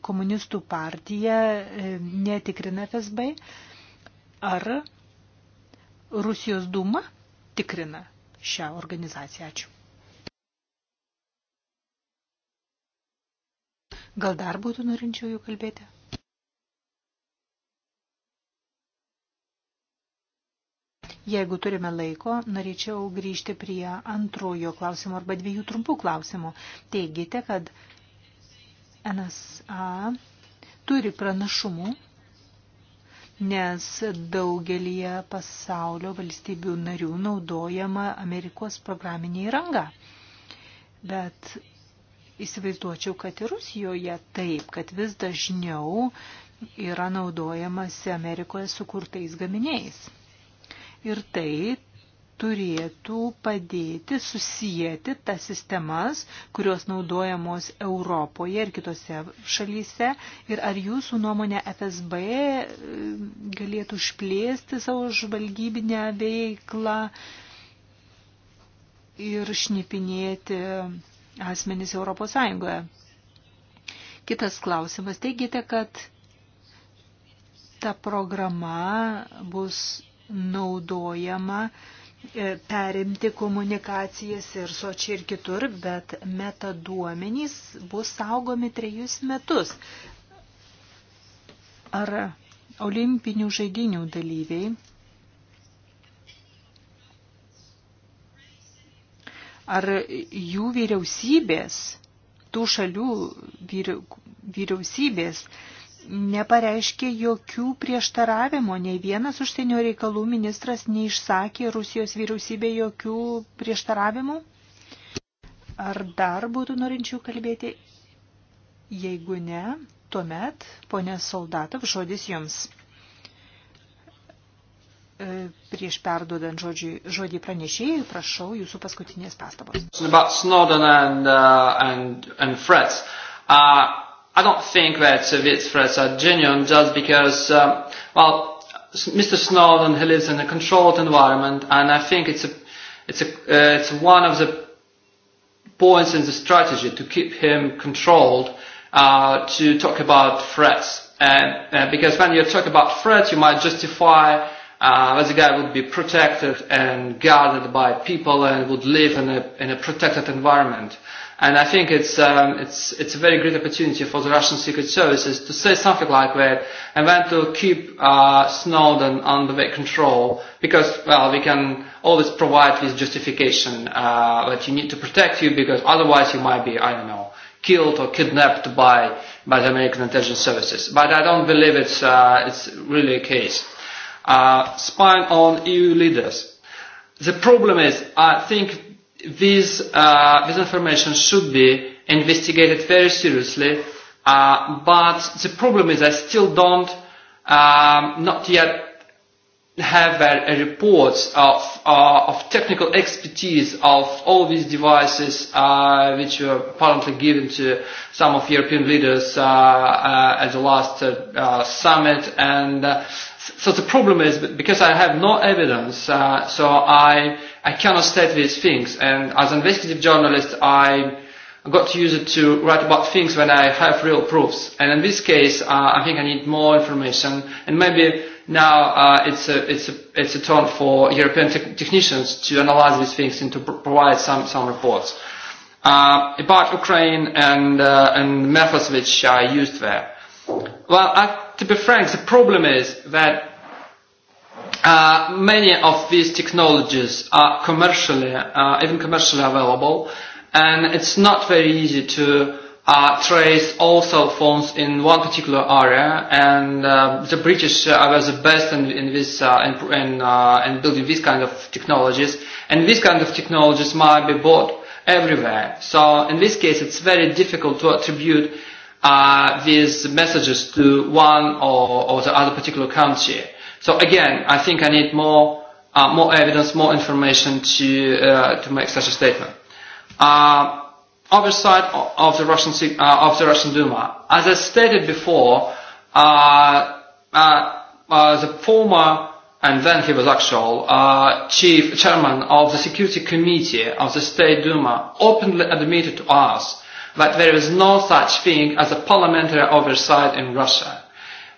komunistų partija e, netikrina FSB, ar Rusijos Duma tikrina šią organizaciją? Ačiū. Gal dar būtų norinčiųjų kalbėti? Jeigu turime laiko, norėčiau grįžti prie antrojo klausimo arba dviejų trumpų klausimų. Teigite, kad NSA turi pranašumų, nes daugelie pasaulio valstybių narių naudojama Amerikos programinė įranga. Bet Įsivaizduočiau, kad ir Rusijoje taip, kad vis dažniau yra naudojamasi Amerikoje sukurtais gaminiais. Ir tai turėtų padėti susijęti tas sistemas, kurios naudojamos Europoje ir kitose šalyse. Ir ar jūsų nuomonė FSB e, galėtų išplėsti savo žvalgybinę veiklą ir šnipinėti asmenys Europos Sąjungoje. Kitas klausimas. Teigite, kad ta programa bus naudojama e, perimti komunikacijas ir sočiai ir kitur, bet metaduomenys bus saugomi trejus metus. Ar olimpinių žaidinių dalyviai Ar jų vyriausybės, tų šalių vyriausybės nepareiškė jokių prieštaravimo, nei vienas užsienio reikalų ministras neišsakė Rusijos vyriausybė jokių prieštaravimų? Ar dar būtų norinčių kalbėti? Jeigu ne, tuomet, ponė Soldatov, žodis jums. E, prieš perdodant žodžių, žodį pranešėjui, prašau jūsų paskutinės pastabos. About Snowden and, uh, and, and threats. Uh, I don't think that these threats are genuine just because, um, well, Mr. Snowden, he lives in a controlled environment, and I think it's, a, it's, a, uh, it's one of the points in the strategy to keep him controlled uh, to talk about threats. And, uh, because when you talk about threats, you might justify uh, this guy would be protected and guarded by people and would live in a, in a protected environment. And I think it's, um, it's, it's a very great opportunity for the Russian secret services to say something like that and then to keep uh, Snowden under their control because, well, we can always provide this justification uh, that you need to protect you because otherwise you might be, I don't know, killed or kidnapped by, by the American intelligence services. But I don't believe it's, uh, it's really a case uh, spying on EU leaders. The problem is, I think this, uh, this information should be investigated very seriously, uh, but the problem is I still don't, um, not yet have a, a reports of, uh, of technical expertise of all these devices uh, which were apparently given to some of European leaders uh, uh, at the last uh, uh, summit and uh, So the problem is because I have no evidence, uh, so I I cannot state these things. And as an investigative journalist, I got to use it to write about things when I have real proofs. And in this case, uh, I think I need more information. And maybe now uh, it's a it's a it's a turn for European te- technicians to analyze these things and to pr- provide some some reports uh, about Ukraine and uh, and methods which I used there. Well, I to be frank, the problem is that uh, many of these technologies are commercially, uh, even commercially available, and it's not very easy to uh, trace all cell phones in one particular area, and uh, the British uh, were the best in, in this uh, in, in, uh, in building these kind of technologies, and these kind of technologies might be bought everywhere. So in this case, it's very difficult to attribute uh, these messages to one or, or the other particular country. So again, I think I need more, uh, more evidence, more information to, uh, to make such a statement. Uh, oversight of the Russian, uh, of the Russian Duma. As I stated before, uh, uh, uh, the former and then he was actual uh, chief chairman of the security committee of the State Duma openly admitted to us that there is no such thing as a parliamentary oversight in Russia.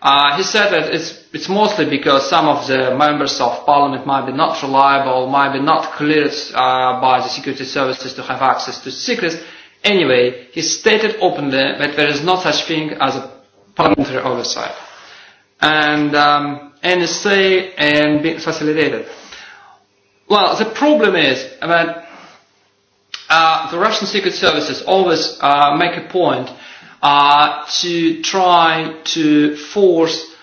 Uh, he said that it's, it's mostly because some of the members of parliament might be not reliable, might be not cleared uh, by the security services to have access to secrets. Anyway, he stated openly that there is no such thing as a parliamentary oversight. And um, NSA and being facilitated. Well, the problem is that uh, the Russian secret services always uh, make a point uh, to try to force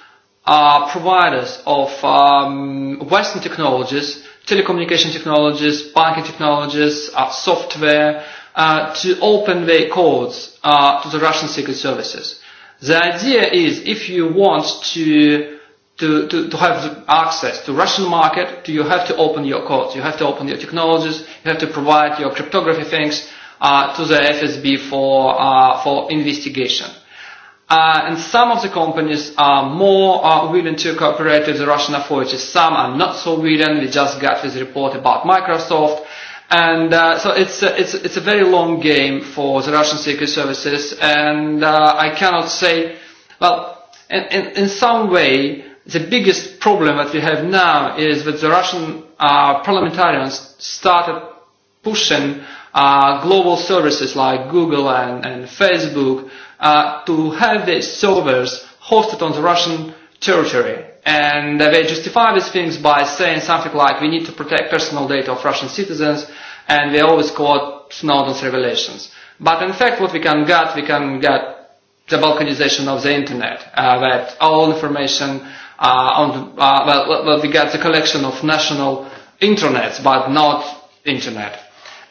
uh, providers of um, Western technologies, telecommunication technologies, banking technologies, uh, software, uh, to open their codes uh, to the Russian secret services. The idea is if you want to to, to, to have access to Russian market, to, you have to open your codes, you have to open your technologies, you have to provide your cryptography things uh, to the FSB for, uh, for investigation. Uh, and some of the companies are more uh, willing to cooperate with the Russian authorities. Some are not so willing. We just got this report about Microsoft. And uh, so it's a, uh, it's, it's a very long game for the Russian secret services. And uh, I cannot say, well, in, in, in some way, the biggest problem that we have now is that the Russian uh, parliamentarians started pushing uh, global services like Google and, and Facebook uh, to have their servers hosted on the Russian territory. And they justify these things by saying something like, we need to protect personal data of Russian citizens, and they always quote Snowden's revelations. But in fact, what we can get, we can get the balkanization of the internet, uh, that all information uh, on the, uh, well, well, we got the collection of national intranets, but not internet.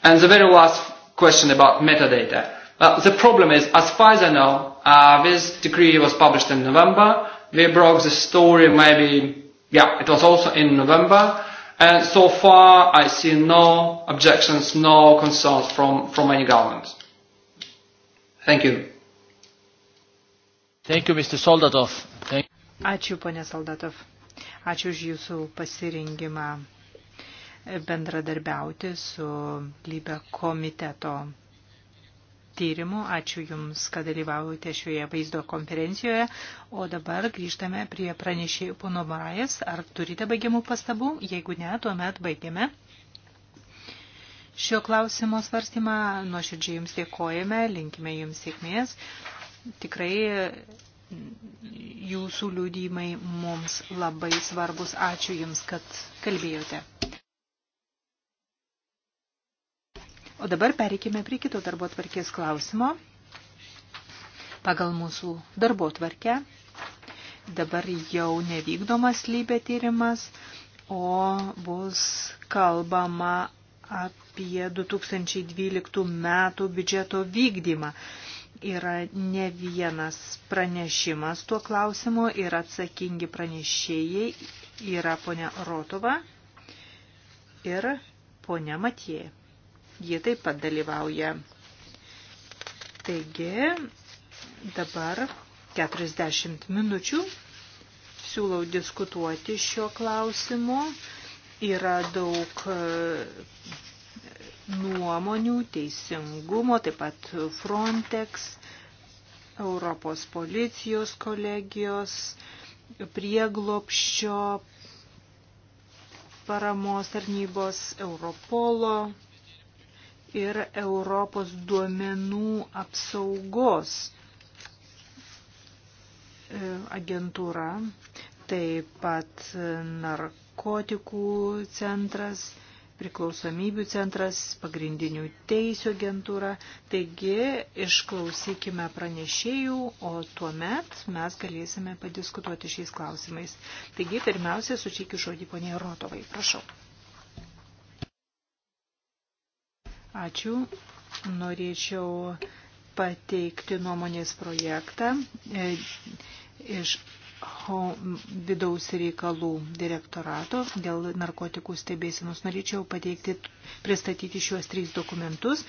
And the very last question about metadata. Well, the problem is, as far as I know, uh, this decree was published in November. We broke the story maybe, yeah, it was also in November. And so far, I see no objections, no concerns from, from any government. Thank you. Thank you, Mr. Soldatov. Thank Ačiū, ponė Saldatov. Ačiū už jūsų pasirinkimą bendradarbiauti su Lybe komiteto tyrimų. Ačiū Jums, kad dalyvaujate šioje vaizdo konferencijoje. O dabar grįžtame prie pranešėjų pono Marajas. Ar turite baigiamų pastabų? Jeigu ne, tuomet baigiame. Šio klausimo svarstymą nuoširdžiai Jums dėkojame, linkime Jums sėkmės. Tikrai jūsų liūdimai mums labai svarbus. Ačiū Jums, kad kalbėjote. O dabar pereikime prie kito darbo tvarkės klausimo. Pagal mūsų darbo tvarkę dabar jau nevykdomas lybė tyrimas, o bus kalbama apie 2012 metų biudžeto vykdymą. Yra ne vienas pranešimas tuo klausimu ir atsakingi pranešėjai yra ponia Rotova ir ponia Matijai. Jie taip pat dalyvauja. Taigi, dabar 40 minučių siūlau diskutuoti šiuo klausimu. Yra daug nuomonių, teisingumo, taip pat Frontex, Europos policijos kolegijos, prieglopščio paramos tarnybos Europolo ir Europos duomenų apsaugos e, agentūra, taip pat e, narkotikų centras priklausomybių centras, pagrindinių teisų agentūra. Taigi išklausykime pranešėjų, o tuo met mes galėsime padiskutuoti šiais klausimais. Taigi pirmiausia, sučiaikiu žodį poniai Rotovai. Prašau. Ačiū. Norėčiau pateikti nuomonės projektą e, iš vidaus reikalų direktorato dėl narkotikų stebėsimus. Norėčiau pateikti, pristatyti šiuos trys dokumentus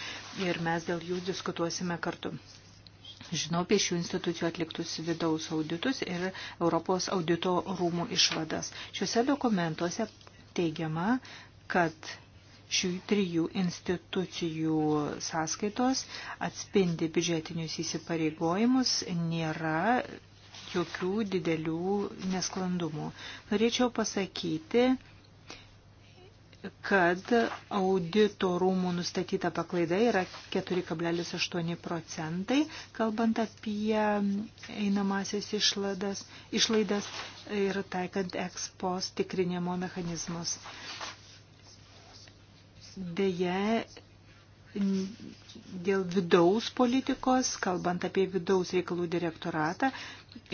ir mes dėl jų diskutuosime kartu. Žinau apie šių institucijų atliktus vidaus auditus ir Europos audito rūmų išvadas. Šiuose dokumentuose teigiama, kad šių trijų institucijų sąskaitos atspindi biudžetinius įsipareigojimus, nėra jokių didelių nesklandumų. Norėčiau pasakyti, kad audito rūmų nustatyta paklaida yra 4,8 procentai, kalbant apie einamasias išlaidas, išlaidas ir taikant ekspos tikrinimo mechanizmus. Deja, dėl vidaus politikos, kalbant apie vidaus reikalų direktoratą,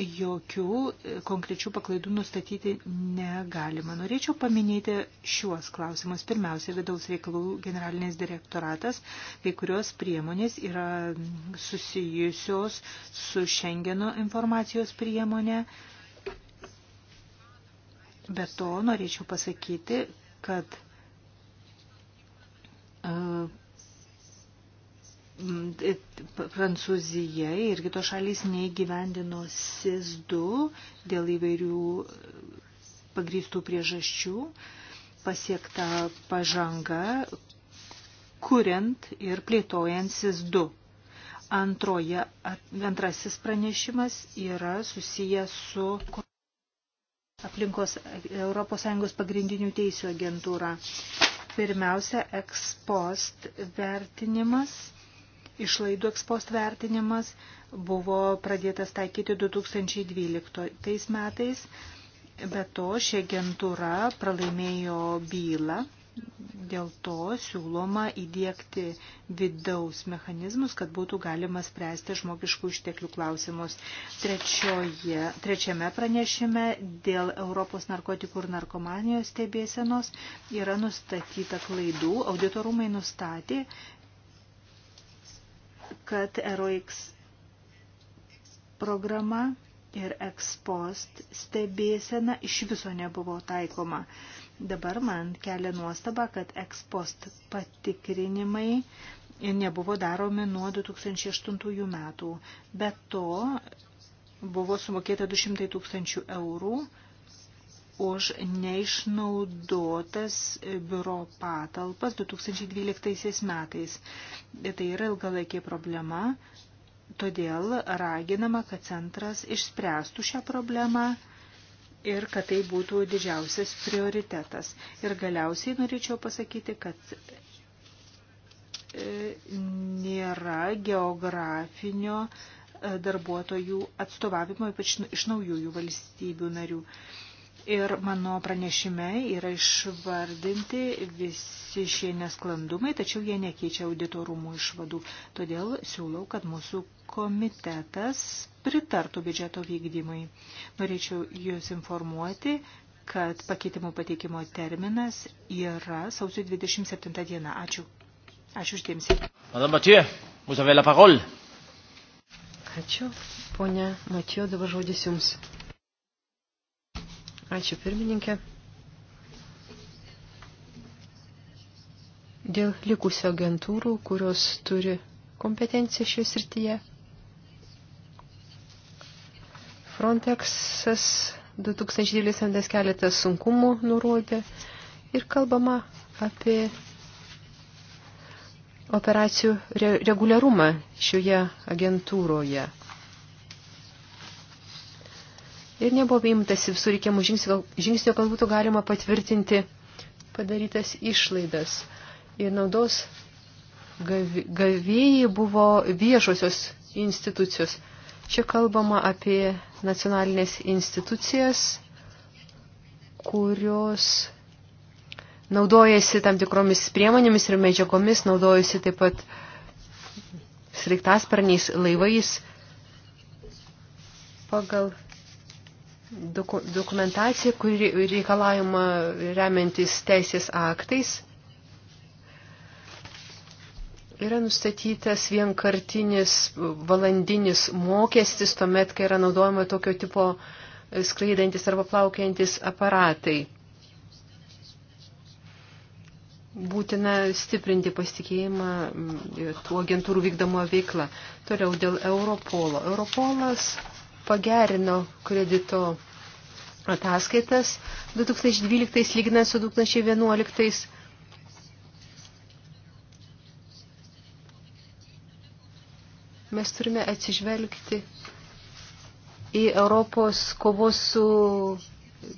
jokių e, konkrečių paklaidų nustatyti negalima. Norėčiau paminėti šiuos klausimus. Pirmiausia, vidaus reikalų generalinės direktoratas, kai kurios priemonės yra susijusios su Šengeno informacijos priemonė. Be to, norėčiau pasakyti, kad e, Mm, Prancūzija ir kitos šalys neįgyvendino SIS 2 dėl įvairių e, pagrįstų priežasčių pasiekta pažanga, kuriant ir plėtojant SIS 2. Antroje, antrasis pranešimas yra susijęs su aplinkos ES pagrindinių teisų agentūra. Pirmiausia, ekspost vertinimas Išlaidų ekspost vertinimas buvo pradėtas taikyti 2012 metais, bet to ši agentūra pralaimėjo bylą, dėl to siūloma įdėkti vidaus mechanizmus, kad būtų galima spręsti žmogiškų išteklių klausimus. Trečioje, trečiame pranešime dėl Europos narkotikų ir narkomanijos stebėsenos yra nustatyta klaidų. Auditorumai nustatė, kad ROX programa ir ekspost stebėsena iš viso nebuvo taikoma. Dabar man kelia nuostaba, kad ekspost patikrinimai nebuvo daromi nuo 2008 metų. Be to buvo sumokėta 200 tūkstančių eurų už neišnaudotas biuro patalpas 2012 metais. Tai yra ilgalaikė problema, todėl raginama, kad centras išspręstų šią problemą ir kad tai būtų didžiausias prioritetas. Ir galiausiai norėčiau pasakyti, kad e, nėra geografinio e, darbuotojų atstovavimo, ypač iš naujųjų valstybių narių. Ir mano pranešime yra išvardinti visi šie nesklandumai, tačiau jie nekeičia auditorumų išvadų. Todėl siūlau, kad mūsų komitetas pritartų biudžeto vykdymui. Norėčiau jūs informuoti, kad pakeitimų pateikimo terminas yra sausio 27 diena. Ačiū. Ačiū uždėmsi. Madame Mathieu, vous avez la parole. Ačiū, ponia Mathieu, dabar žodis jums. Ačiū pirmininkė. Dėl likusio agentūrų, kurios turi kompetenciją šioje srityje. Frontexas 2012 keletas sunkumų nurodė ir kalbama apie operacijų reguliarumą šioje agentūroje ir nebuvo imtasi visų reikiamų žingsnių, kad būtų galima patvirtinti padarytas išlaidas. Ir naudos gavėjai buvo viešosios institucijos. Čia kalbama apie nacionalinės institucijas, kurios naudojasi tam tikromis priemonėmis ir medžiagomis, naudojasi taip pat sraigtasparniais laivais pagal doku, dokumentacija, kuri reikalavima remiantis teisės aktais, yra nustatytas vienkartinis valandinis mokestis tuomet, kai yra naudojama tokio tipo skraidantis arba plaukiantis aparatai. Būtina stiprinti pasitikėjimą mm, tų agentūrų vykdamo veiklą. Toliau dėl Europolo. Europolas pagerino kredito ataskaitas 2012 lyginant su 2011. Mes turime atsižvelgti į Europos kovos su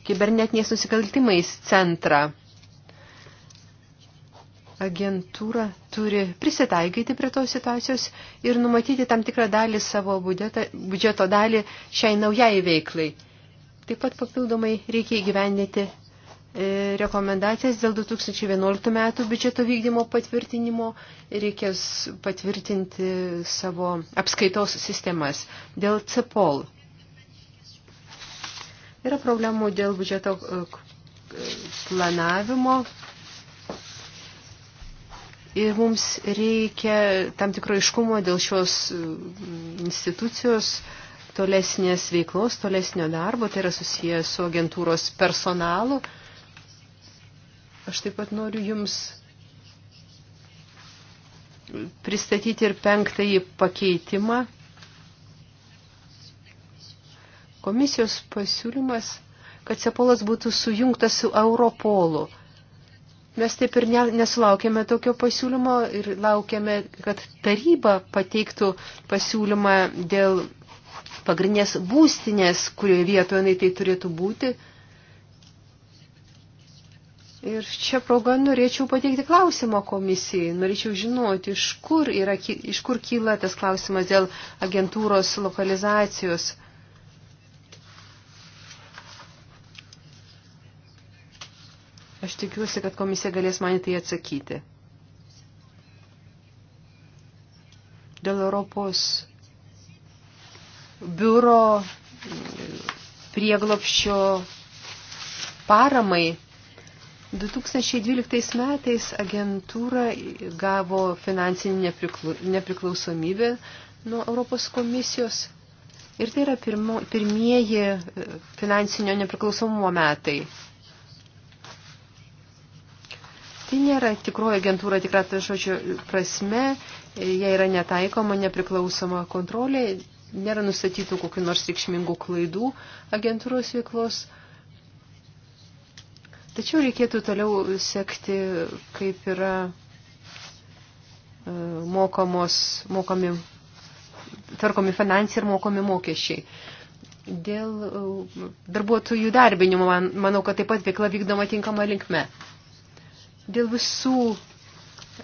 kibernetiniais nusikaltimais centrą agentūra turi prisitaikyti prie tos situacijos ir numatyti tam tikrą dalį savo budžeto, budžeto dalį šiai naujai veiklai. Taip pat papildomai reikia įgyvendinti e, rekomendacijas dėl 2011 metų biudžeto vykdymo patvirtinimo reikės patvirtinti savo apskaitos sistemas dėl CEPOL. Yra problemų dėl biudžeto e, planavimo, Ir mums reikia tam tikro iškumo dėl šios mm, institucijos tolesnės veiklos, tolesnio darbo, tai yra susijęs su agentūros personalu. Aš taip pat noriu Jums pristatyti ir penktąjį pakeitimą. Komisijos pasiūlymas, kad Sepolas būtų sujungtas su Europolu. Mes taip ir ne, nesulaukėme tokio pasiūlymo ir laukėme, kad taryba pateiktų pasiūlymą dėl pagrindinės būstinės, kurioje vietoje jinai tai turėtų būti. Ir čia proga norėčiau pateikti klausimą komisijai. Norėčiau žinoti, iš kur, yra, iš kur kyla tas klausimas dėl agentūros lokalizacijos. Aš tikiuosi, kad komisija galės man tai atsakyti. Dėl Europos biuro prieglopščio paramai 2012 metais agentūra gavo finansinį nepriklausomybę nuo Europos komisijos ir tai yra pirmo, pirmieji e, finansinio nepriklausomumo metai. Tai nėra tikroji agentūra, tikra to žodžio prasme, jie yra netaikoma, nepriklausoma kontrolė, nėra nustatytų kokiu nors reikšmingų klaidų agentūros veiklos. Tačiau reikėtų toliau sekti, kaip yra e, mokamos, mokami, tvarkomi finansai ir mokomi mokesčiai. Dėl e, darbuotojų darbinimo, man, manau, kad taip pat veikla vykdoma tinkama linkme. Dėl visų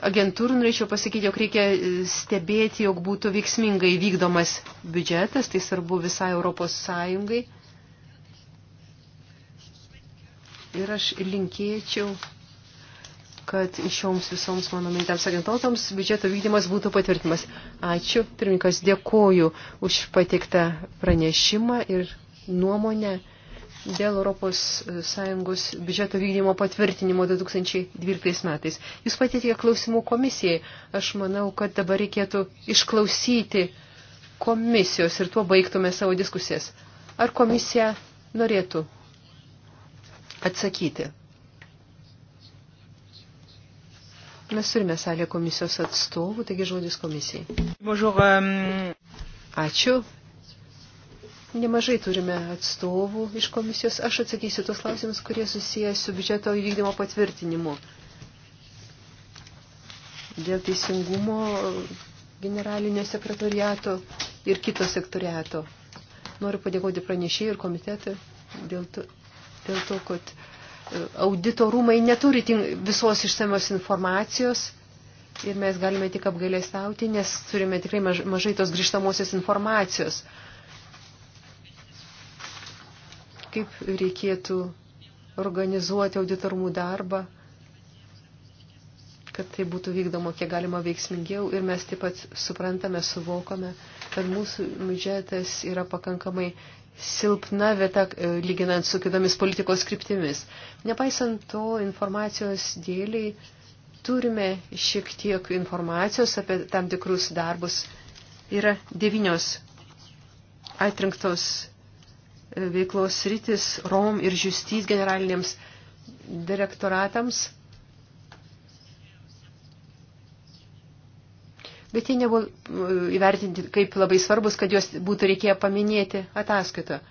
agentūrų norėčiau pasakyti, jog reikia e, stebėti, jog būtų veiksmingai vykdomas biudžetas, tai svarbu visai Europos Sąjungai. Ir aš linkėčiau, kad šioms visoms mano mintams agentotoms biudžeto vykdymas būtų patvirtimas. Ačiū, pirmininkas, dėkoju už pateiktą pranešimą ir nuomonę dėl ES biudžeto vykdymo patvirtinimo 2012 metais. Jūs pateikėte klausimų komisijai. Aš manau, kad dabar reikėtų išklausyti komisijos ir tuo baigtume savo diskusijas. Ar komisija norėtų atsakyti? Mes turime salę komisijos atstovų, taigi žodis komisijai. Bonjour, um... Ačiū. Nemažai turime atstovų iš komisijos. Aš atsakysiu tos klausimus, kurie susijęs su biudžeto įvykdymo patvirtinimu. Dėl teisingumo generalinio sekretoriato ir kito sektoriato. Noriu padėkoti pranešėjai ir komitetui dėl to, dėl to kad e, audito rūmai neturi visos išsamios informacijos ir mes galime tik apgailestauti, nes turime tikrai mažai tos grįžtamosios informacijos kaip reikėtų organizuoti auditorumų darbą, kad tai būtų vykdoma kiek galima veiksmingiau ir mes taip pat suprantame, suvokome, kad mūsų biudžetas yra pakankamai silpna vieta e, lyginant su kitomis politikos kryptimis. Nepaisant to, informacijos dėliai turime šiek tiek informacijos apie tam tikrus darbus. Yra devynios atrinktos veiklos rytis ROM ir Justys generaliniams direktoratams. Bet jie nebuvo e, įvertinti kaip labai svarbus, kad juos būtų reikėję paminėti ataskaitoje.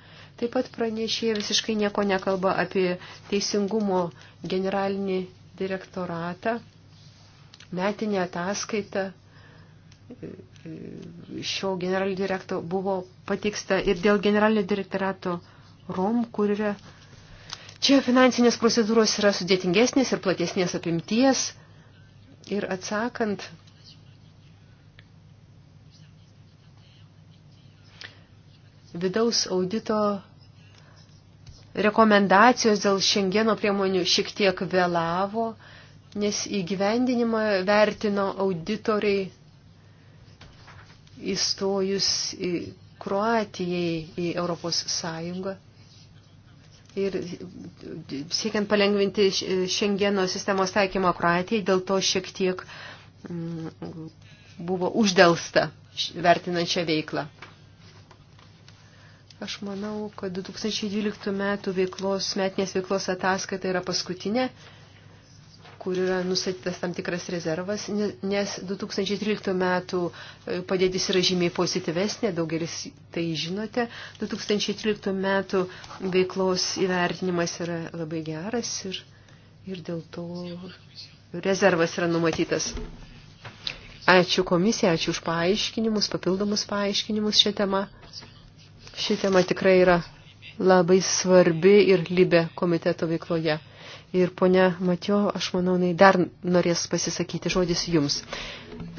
Taip pat pranešėja visiškai nieko nekalba apie teisingumo generalinį direktoratą, metinę ataskaitą šio generalinio direkto buvo patiksta ir dėl generalinio direktorato ROM, kur yra čia finansinės procedūros yra sudėtingesnės ir platesnės apimties. Ir atsakant, vidaus audito rekomendacijos dėl šengeno priemonių šiek tiek vėlavo, nes įgyvendinimą vertino auditoriai įstojus į Kroatijai į Europos Sąjungą ir siekiant palengvinti Šengeno sistemos taikymą Kroatijai, dėl to šiek tiek mm, buvo uždelsta vertinančią veiklą. Aš manau, kad 2012 metų veiklos, metinės veiklos ataskaita yra paskutinė kur yra nustatytas tam tikras rezervas, nes 2013 metų e, padėtis yra žymiai pozityvesnė, daugelis tai žinote. 2013 metų veiklos įvertinimas yra labai geras ir, ir dėl to rezervas yra numatytas. Ačiū komisija, ačiū už paaiškinimus, papildomus paaiškinimus šią temą. Ši tema tikrai yra labai svarbi ir libė komiteto veikloje ir ponia Matio, aš manau, jinai dar norės pasisakyti žodis jums.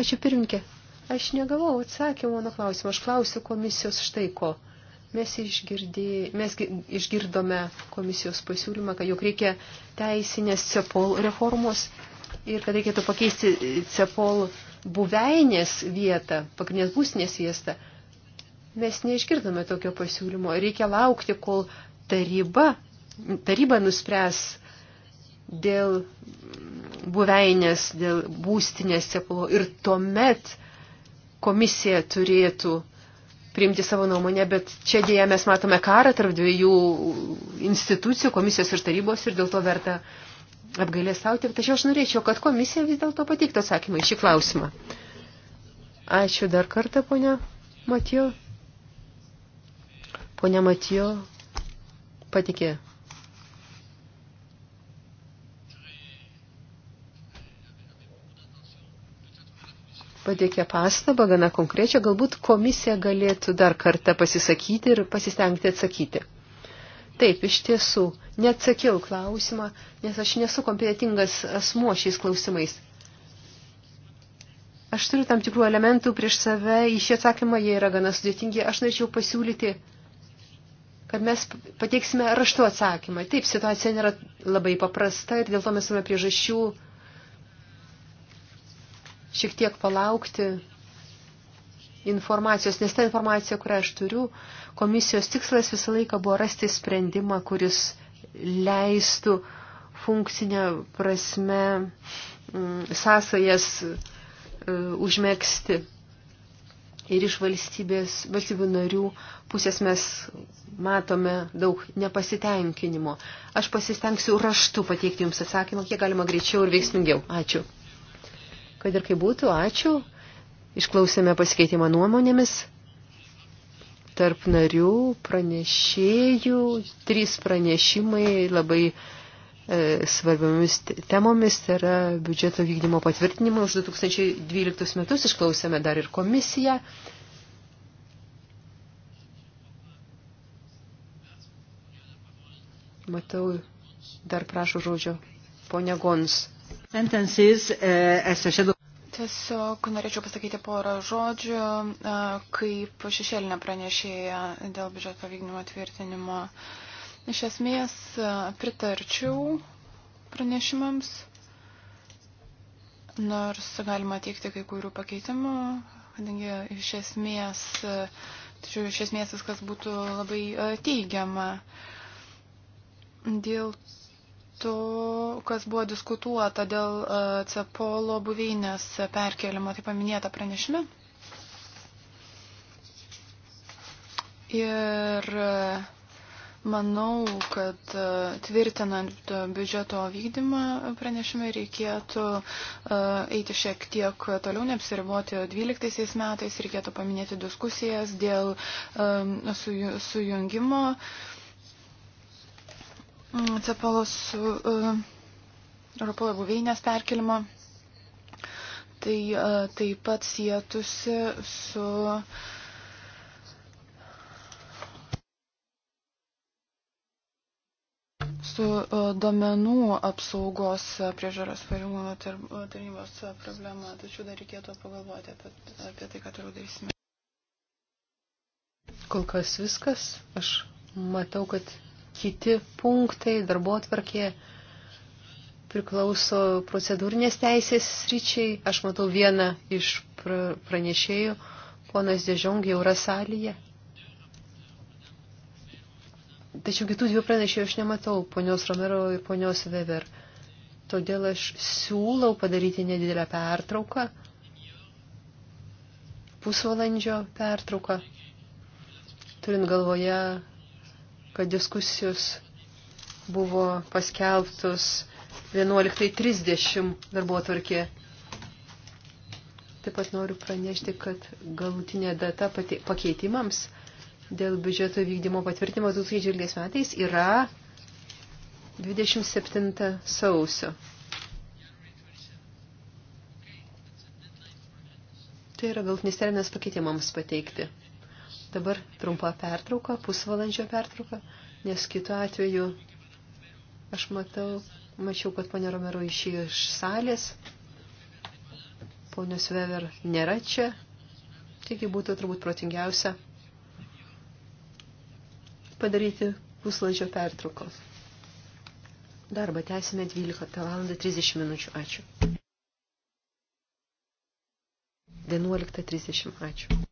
Ačiū pirminkė. Aš negavau atsakymą mano klausimą. Aš klausiu komisijos štai ko. Mes, išgirdė, mes išgirdome komisijos pasiūlymą, kad juk reikia teisinės CEPOL reformos ir kad reikėtų pakeisti CEPOL buveinės vietą, pagrindinės būsnės vietą. Mes neišgirdome tokio pasiūlymo. Reikia laukti, kol taryba, taryba nuspręs dėl buveinės, dėl būstinės cepalo ir tuomet komisija turėtų priimti savo nuomonę, bet čia dėja mes matome karą tarp dviejų institucijų, komisijos ir tarybos ir dėl to verta apgailės tauti. Tačiau aš norėčiau, kad komisija vis dėlto pateiktų atsakymą į šį klausimą. Ačiū dar kartą, ponia Matijo. Ponia Matijo patikė pateikė pastabą, gana konkrečią, galbūt komisija galėtų dar kartą pasisakyti ir pasistengti atsakyti. Taip, iš tiesų, neatsakiau klausimą, nes aš nesu kompetitingas asmuo šiais klausimais. Aš turiu tam tikrų elementų prieš save, į šį atsakymą jie yra gana sudėtingi. Aš norėčiau pasiūlyti, kad mes pateiksime raštu atsakymą. Taip, situacija nėra labai paprasta ir dėl to mes turime priežasčių šiek tiek palaukti informacijos, nes ta informacija, kurią aš turiu, komisijos tikslas visą laiką buvo rasti sprendimą, kuris leistų funkcinę prasme mm, sąsajas e, užmėgsti. Ir iš valstybės, valstybių narių pusės mes matome daug nepasitenkinimo. Aš pasistengsiu raštu pateikti Jums atsakymą, kiek galima greičiau ir veiksmingiau. Ačiū. Kad ir kaip būtų, ačiū. Išklausėme pasikeitimą nuomonėmis tarp narių, pranešėjų, trys pranešimai labai e, svarbiomis temomis, tai yra biudžeto vykdymo patvirtinimo. Už 2012 metus išklausėme dar ir komisiją. Matau, dar prašau žodžio ponia Gons sentences uh, as a shadow. Tiesiog norėčiau pasakyti porą žodžių, eh, kaip šešėlinė pranešėja dėl biudžeto vykdymo tvirtinimo. Iš esmės eh, pritarčiau pranešimams, nors galima teikti kai kurių pakeitimų, kadangi iš esmės, tačiau iš esmės viskas būtų labai teigiama. Dėl metu, kas buvo diskutuota dėl e, Cepolo buveinės perkelimo, tai paminėta pranešime. Ir e, manau, kad e, tvirtinant biudžeto vykdymą pranešime reikėtų eiti šiek tiek toliau, neapsiriboti 12 metais, reikėtų paminėti diskusijas dėl sujungimo. Su Mm, Cepolos e, Europolo buveinės perkelimo. Tai e, taip pat sėtusi su su e, domenų apsaugos priežaros pareigūnų tarnybos problema, tačiau dar reikėtų pagalvoti apie, apie tai, ką toliau darysime. Kol kas viskas. Aš matau, kad kiti punktai darbo atvarkė priklauso procedūrinės teisės sričiai. Aš matau vieną iš pranešėjų, ponas Dežong jau yra salėje. Tačiau kitų dviejų pranešėjų aš nematau, ponios Romero ir ponios Weber. Todėl aš siūlau padaryti nedidelę pertrauką, pusvalandžio pertrauką, turint galvoje kad diskusijos buvo paskelbtos 11.30 darbo atvarkė. Taip pat noriu pranešti, kad galutinė data pakeitimams dėl biudžeto vykdymo patvirtinimo 2012 metais yra 27 sausio. Tai yra galutinis terminas pakeitimams pateikti. Dabar trumpa pertrauka, pusvalandžio pertrauka, nes kitu atveju aš matau, mačiau, kad ponė Romero išėjo iš salės, ponios Vever nėra čia, taigi būtų turbūt protingiausia padaryti pusvalandžio pertraukos. Darbą tęsime 12 val. 30 minučių. Ačiū. 11.30. Ačiū.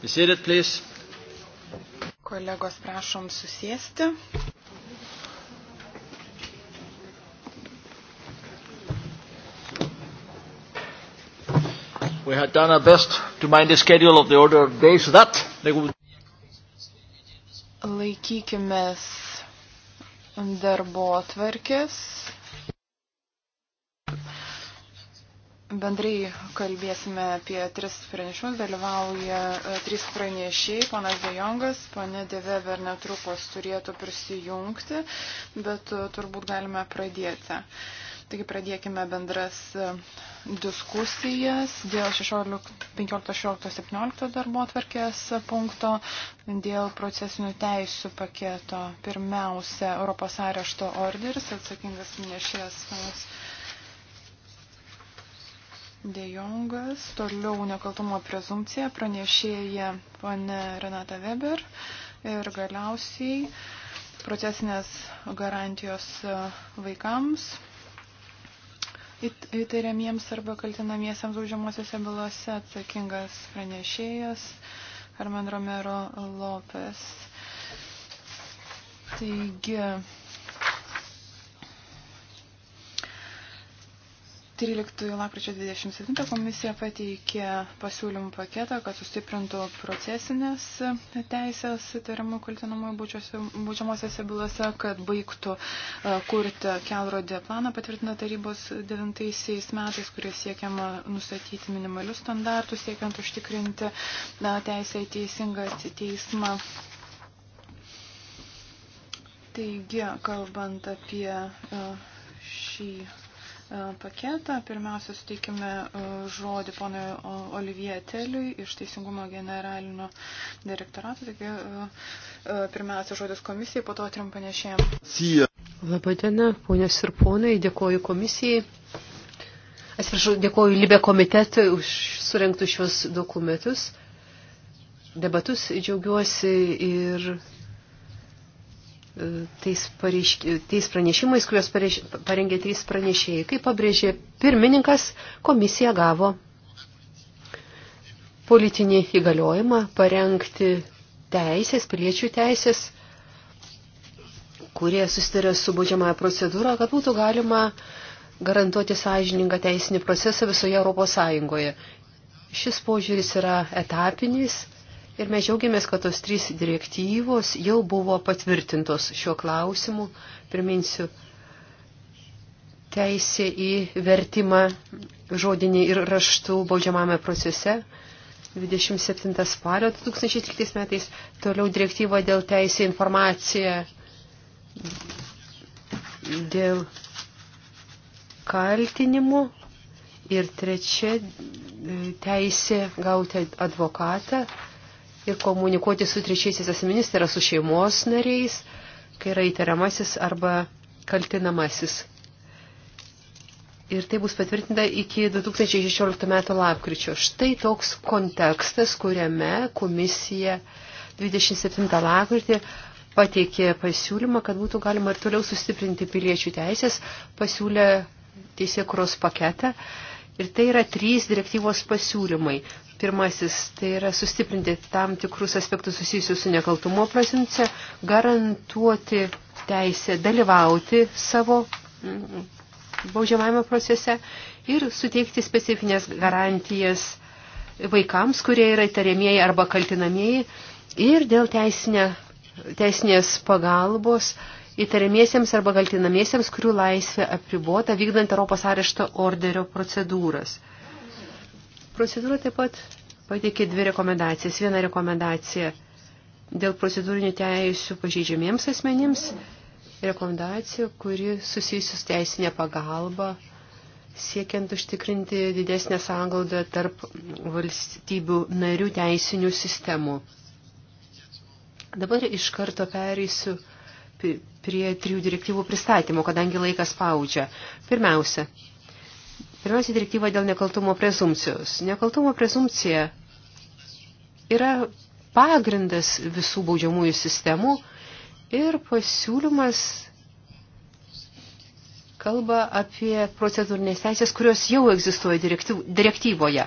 Be seated, please. Kolegos, prašom susėsti. We had done our best to mind the schedule of the order of days so that they would... Laikykimės darbo atvarkės Bendrai kalbėsime apie tris pranešimus, dalyvauja e, trys pranešiai, ponas Dejongas, ponė Deveber netrukus turėtų prisijungti, bet e, turbūt galime pradėti. Taigi pradėkime bendras e, diskusijas dėl 15-16-17 darbo atvarkės punkto, dėl procesinių teisų paketo. Pirmiausia, Europos arešto orderis, atsakingas minėšės. Mums Dejongas, toliau nekaltumo prezumcija, pranešėja pane Renata Weber ir galiausiai procesinės garantijos vaikams įtariamiems arba kaltinamiesiams užžiamosiose bylose atsakingas pranešėjas Carmen Romero Lopes. Taigi, 13 lapkričio 27 komisija pateikė pasiūlymų paketą, kad sustiprintų procesinės teisės įtariamų kaltinamųjų būčiamosiose bylose, kad baigtų e, kurti kelrodį planą patvirtiną tarybos 9 metais, kurie siekiama nustatyti minimalius standartus, siekiant užtikrinti teisę į teisingą teismą. Taigi, kalbant apie e, šį E, paketą. Pirmiausia, suteikime e, žodį ponui e, Olivier Teliui iš Teisingumo generalinio direktorato. Taigi, pirmiausia, žodis komisijai, po to trim panešėjom. Labadiena, ponios ir ponai, dėkoju komisijai. Atsiprašau, dėkoju Libė komitetui už surinktų šios dokumentus. Debatus džiaugiuosi ir tais, pareišk, tais pranešimais, kuriuos pareiš, parengė trys pranešėjai. Kaip pabrėžė pirmininkas, komisija gavo politinį įgaliojimą parengti teisės, piliečių teisės, kurie susitarė su baudžiamąją procedūrą, kad būtų galima garantuoti sąžiningą teisinį procesą visoje Europos Sąjungoje. Šis požiūris yra etapinis Ir mes džiaugiamės, kad tos trys direktyvos jau buvo patvirtintos šiuo klausimu. Priminsiu, teisė į vertimą žodinį ir raštų baudžiamame procese. 27 spalio 2013 metais toliau direktyva dėl teisė informacija dėl kaltinimų ir trečia teisė gauti advokatą ir komunikuoti su trečiaisiais asmenys, tai yra su šeimos nariais, kai yra įtariamasis arba kaltinamasis. Ir tai bus patvirtinta iki 2016 metų lapkričio. Štai toks kontekstas, kuriame komisija 27 lapkritį pateikė pasiūlymą, kad būtų galima ir toliau sustiprinti piliečių teisės, pasiūlė teisėkuros paketą. Ir tai yra trys direktyvos pasiūlymai. Pirmasis tai yra sustiprinti tam tikrus aspektus susijusius su nekaltumo prezumpcija, garantuoti teisę dalyvauti savo mm, baudžiamajame procese ir suteikti specifines garantijas vaikams, kurie yra įtariamieji arba kaltinamieji ir dėl teisinė, teisinės pagalbos įtariamiesiems arba kaltinamiesiems, kurių laisvė apribota vykdant Europos arešto orderio procedūras. Procedūra taip pat pateikė dvi rekomendacijas. Viena rekomendacija dėl procedūrinių teisių pažeidžiamiems asmenims, rekomendacija, kuri susijusius teisinė pagalba, siekiant užtikrinti didesnę sąnglaudą tarp valstybių narių teisinių sistemų. Dabar iš karto pereisiu prie trijų direktyvų pristatymo, kadangi laikas spaudžia. Pirmiausia, Pirmiausia, direktyva dėl nekaltumo prezumcijos. Nekaltumo prezumcija yra pagrindas visų baudžiamųjų sistemų ir pasiūlymas kalba apie procedūrinės teisės, kurios jau egzistuoja direktyvoje.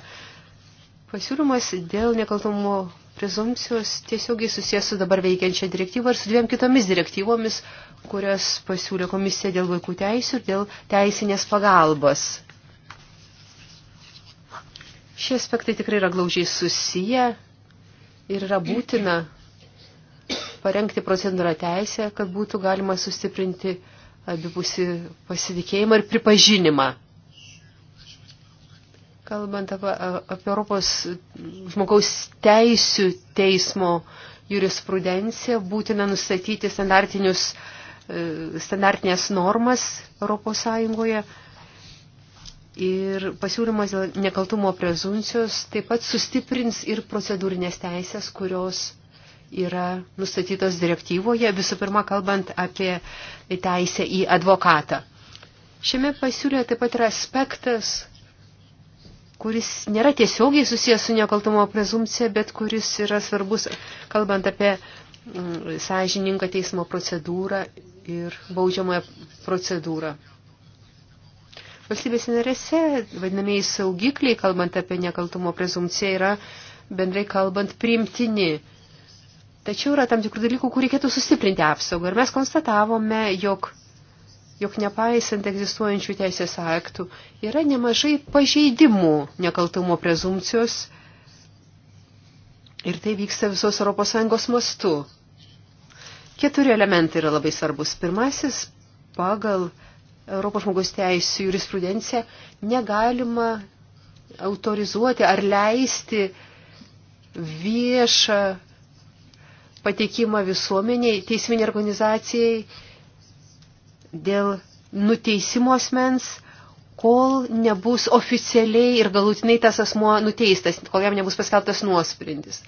Pasiūlymas dėl nekaltumo prezumcijos tiesiogiai susijęs su dabar veikiančia direktyva ir su dviem kitomis direktyvomis, kurias pasiūlė komisija dėl vaikų teisų ir dėl teisinės pagalbos. Šie aspektai tikrai yra glaužiai susiję ir yra būtina parengti procedūrą teisę, kad būtų galima sustiprinti abipusį pasitikėjimą ir pripažinimą. Kalbant apie, apie Europos žmogaus teisių teismo jurisprudenciją, būtina nustatyti standartinius, e, standartinės normas Europos Sąjungoje Ir pasiūlymas dėl nekaltumo prezumcijos taip pat sustiprins ir procedūrinės teisės, kurios yra nustatytos direktyvoje, visų pirma, kalbant apie teisę į advokatą. Šiame pasiūlyje taip pat yra aspektas, kuris nėra tiesiogiai susijęs su nekaltumo prezumcija, bet kuris yra svarbus, kalbant apie mm, sąžininką teismo procedūrą ir baudžiamąją procedūrą. Valstybės narėse vadinamieji saugikliai, kalbant apie nekaltumo prezumciją, yra bendrai kalbant priimtini. Tačiau yra tam tikrų dalykų, kur reikėtų sustiprinti apsaugą. Ir mes konstatavome, jog, jog nepaisant egzistuojančių teisės aktų, yra nemažai pažeidimų nekaltumo prezumcijos. Ir tai vyksta visos ES mastu. Keturi elementai yra labai svarbus. Pirmasis, pagal Europos žmogaus teisų jurisprudenciją, negalima autorizuoti ar leisti viešą pateikimą visuomeniai, teisminiai organizacijai dėl nuteisimo asmens, kol nebus oficialiai ir galutinai tas asmuo nuteistas, kol jam nebus paskelbtas nuosprendis.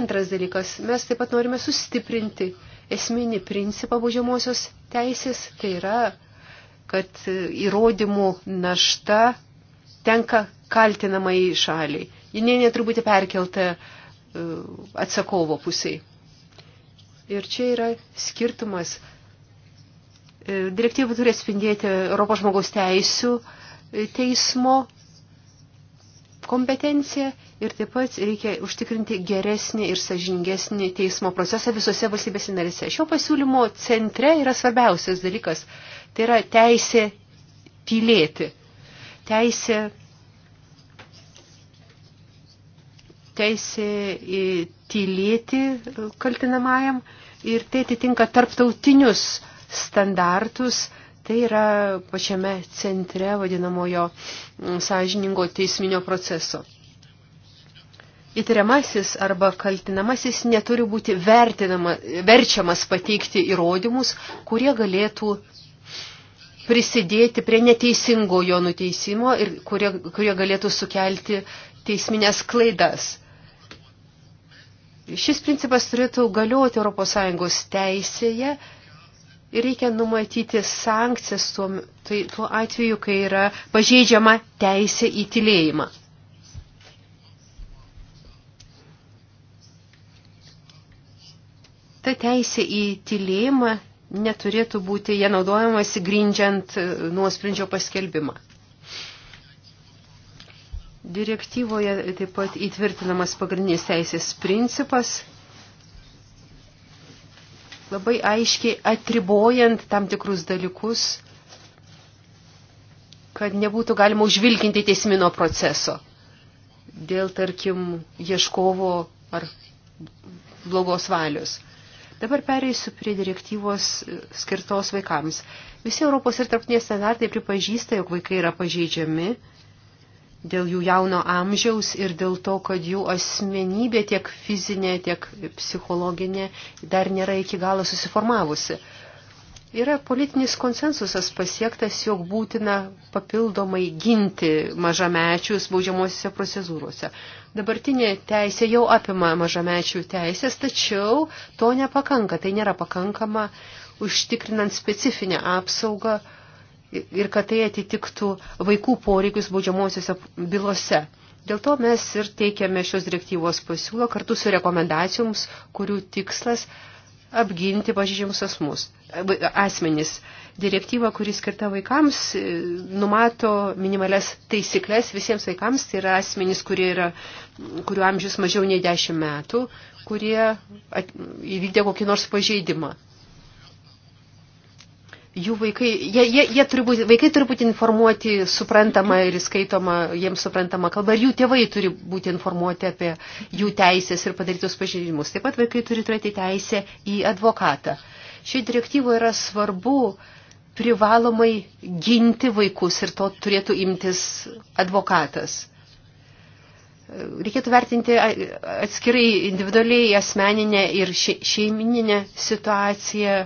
Antras dalykas, mes taip pat norime sustiprinti esminį principą baudžiamosios teisės, tai yra kad įrodymų našta tenka kaltinamai šaliai. Ji nė netruputį perkelta e, atsakovo pusiai. Ir čia yra skirtumas. E, direktyva turi atspindėti Europos žmogaus teisų e, teismo kompetenciją ir taip pat reikia užtikrinti geresnį ir sažingesnį teismo procesą visose valstybės narėse. Šio pasiūlymo centre yra svarbiausias dalykas Tai yra teisė tylėti, teisė, teisė tylėti kaltinamajam ir tai atitinka tarptautinius standartus, tai yra pačiame centre vadinamojo mm, sąžiningo teisminio proceso. Įtariamasis arba kaltinamasis neturi būti vertinama, verčiamas pateikti įrodymus, kurie galėtų prisidėti prie neteisingo jo nuteisimo ir kurie, kurie galėtų sukelti teisminės klaidas. Šis principas turėtų galioti ES teisėje ir reikia numatyti sankcijas tuo, tai, tuo atveju, kai yra pažeidžiama teisė į tylėjimą. Ta teisė į tylėjimą neturėtų būti jie naudojamasi grindžiant e, nuosprendžio paskelbimą. Direktyvoje taip pat įtvirtinamas pagrindinės teisės principas, labai aiškiai atribojant tam tikrus dalykus, kad nebūtų galima užvilkinti teismino proceso dėl, tarkim, ieškovo ar blogos valios. Dabar pereisiu prie direktyvos e, skirtos vaikams. Visi Europos ir tarptinės standartai pripažįsta, jog vaikai yra pažeidžiami dėl jų jauno amžiaus ir dėl to, kad jų asmenybė tiek fizinė, tiek psichologinė dar nėra iki galo susiformavusi. Yra politinis konsensusas pasiektas, jog būtina papildomai ginti mažamečius baudžiamosiose procedūrose. Dabartinė teisė jau apima mažamečių teisės, tačiau to nepakanka. Tai nėra pakankama užtikrinant specifinę apsaugą ir kad tai atitiktų vaikų poreikius baudžiamosiose bylose. Dėl to mes ir teikiame šios direktyvos pasiūlą kartu su rekomendacijoms, kurių tikslas apginti pažydžiamus asmus, asmenys. Direktyva, kuri skirta vaikams, e, numato minimales taisyklės visiems vaikams. Tai yra asmenys, kurie yra, kurių amžius mažiau nei 10 metų, kurie at, įvykdė kokį nors pažeidimą jų vaikai, jie, jie, jie turi būti, vaikai turi būti informuoti suprantama ir skaitoma, jiems suprantama kalba, ir jų tėvai turi būti informuoti apie jų teisės ir padarytus pažeidimus. Taip pat vaikai turi turėti teisę į advokatą. Šiai direktyvoje yra svarbu privalomai ginti vaikus ir to turėtų imtis advokatas. Reikėtų vertinti atskirai individualiai asmeninę ir šeimininę situaciją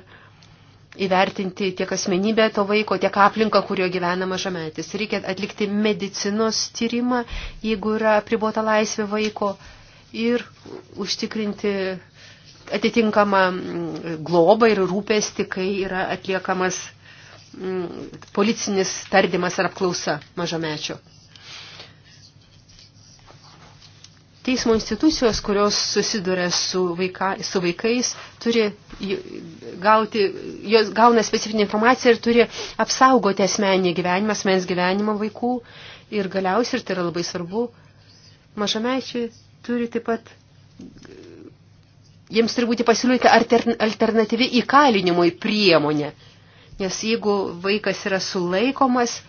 įvertinti tiek asmenybę to vaiko, tiek aplinką, kurio gyvena mažametis. Reikia atlikti medicinos tyrimą, jeigu yra pribota laisvė vaiko ir užtikrinti atitinkamą mm, globą ir rūpestį, kai yra atliekamas mm, policinis tardymas ar apklausa mažamečio. Teismo institucijos, kurios susiduria su, vaika, su vaikais, turi gauti, jos gauna specifinę informaciją ir turi apsaugoti asmenį gyvenimą, asmens gyvenimą vaikų. Ir galiausiai, ir tai yra labai svarbu, mažamečiai turi taip pat, jiems turi būti pasiūlyti alternatyvi įkalinimui priemonė. Nes jeigu vaikas yra sulaikomas,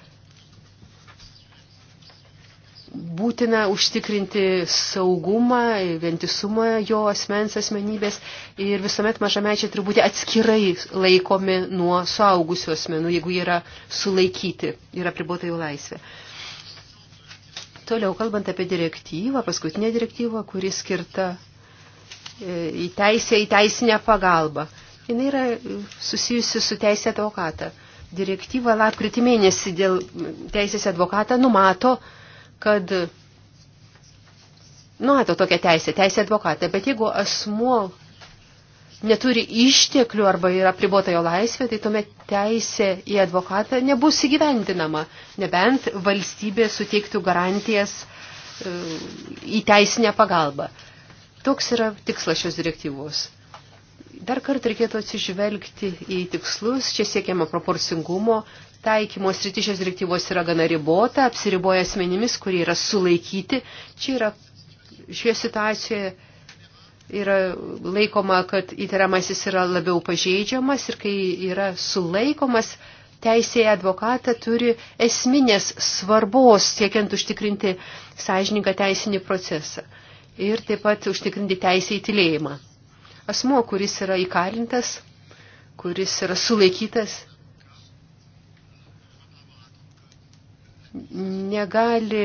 būtina užtikrinti saugumą, vientisumą jo asmens asmenybės ir visuomet mažamečiai turi būti atskirai laikomi nuo suaugusių asmenų, jeigu jie yra sulaikyti ir apribota jų laisvė. Toliau kalbant apie direktyvą, paskutinę direktyvą, kuri skirta e, į teisę, į teisinę pagalbą. Jis yra e, susijusi su teisė advokatą. Direktyva lapkritį mėnesį dėl teisės advokatą numato, kad numato tokią teisę, teisę advokatą, bet jeigu asmuo neturi išteklių arba yra pribota jo laisvė, tai tuomet teisė į advokatą nebus įgyvendinama, nebent valstybė suteiktų garantijas e, į teisinę pagalbą. Toks yra tikslas šios direktyvos. Dar kartą reikėtų atsižvelgti į tikslus, čia siekiama proporcingumo, taikymo sritis šios direktyvos yra gana ribota, apsiriboja asmenimis, kurie yra sulaikyti. Čia yra, šioje situacijoje yra laikoma, kad įtariamasis yra labiau pažeidžiamas ir kai yra sulaikomas, teisėje advokatą turi esminės svarbos, siekiant užtikrinti sąžininką teisinį procesą ir taip pat užtikrinti teisę į tylėjimą asmo, kuris yra įkalintas, kuris yra sulaikytas, negali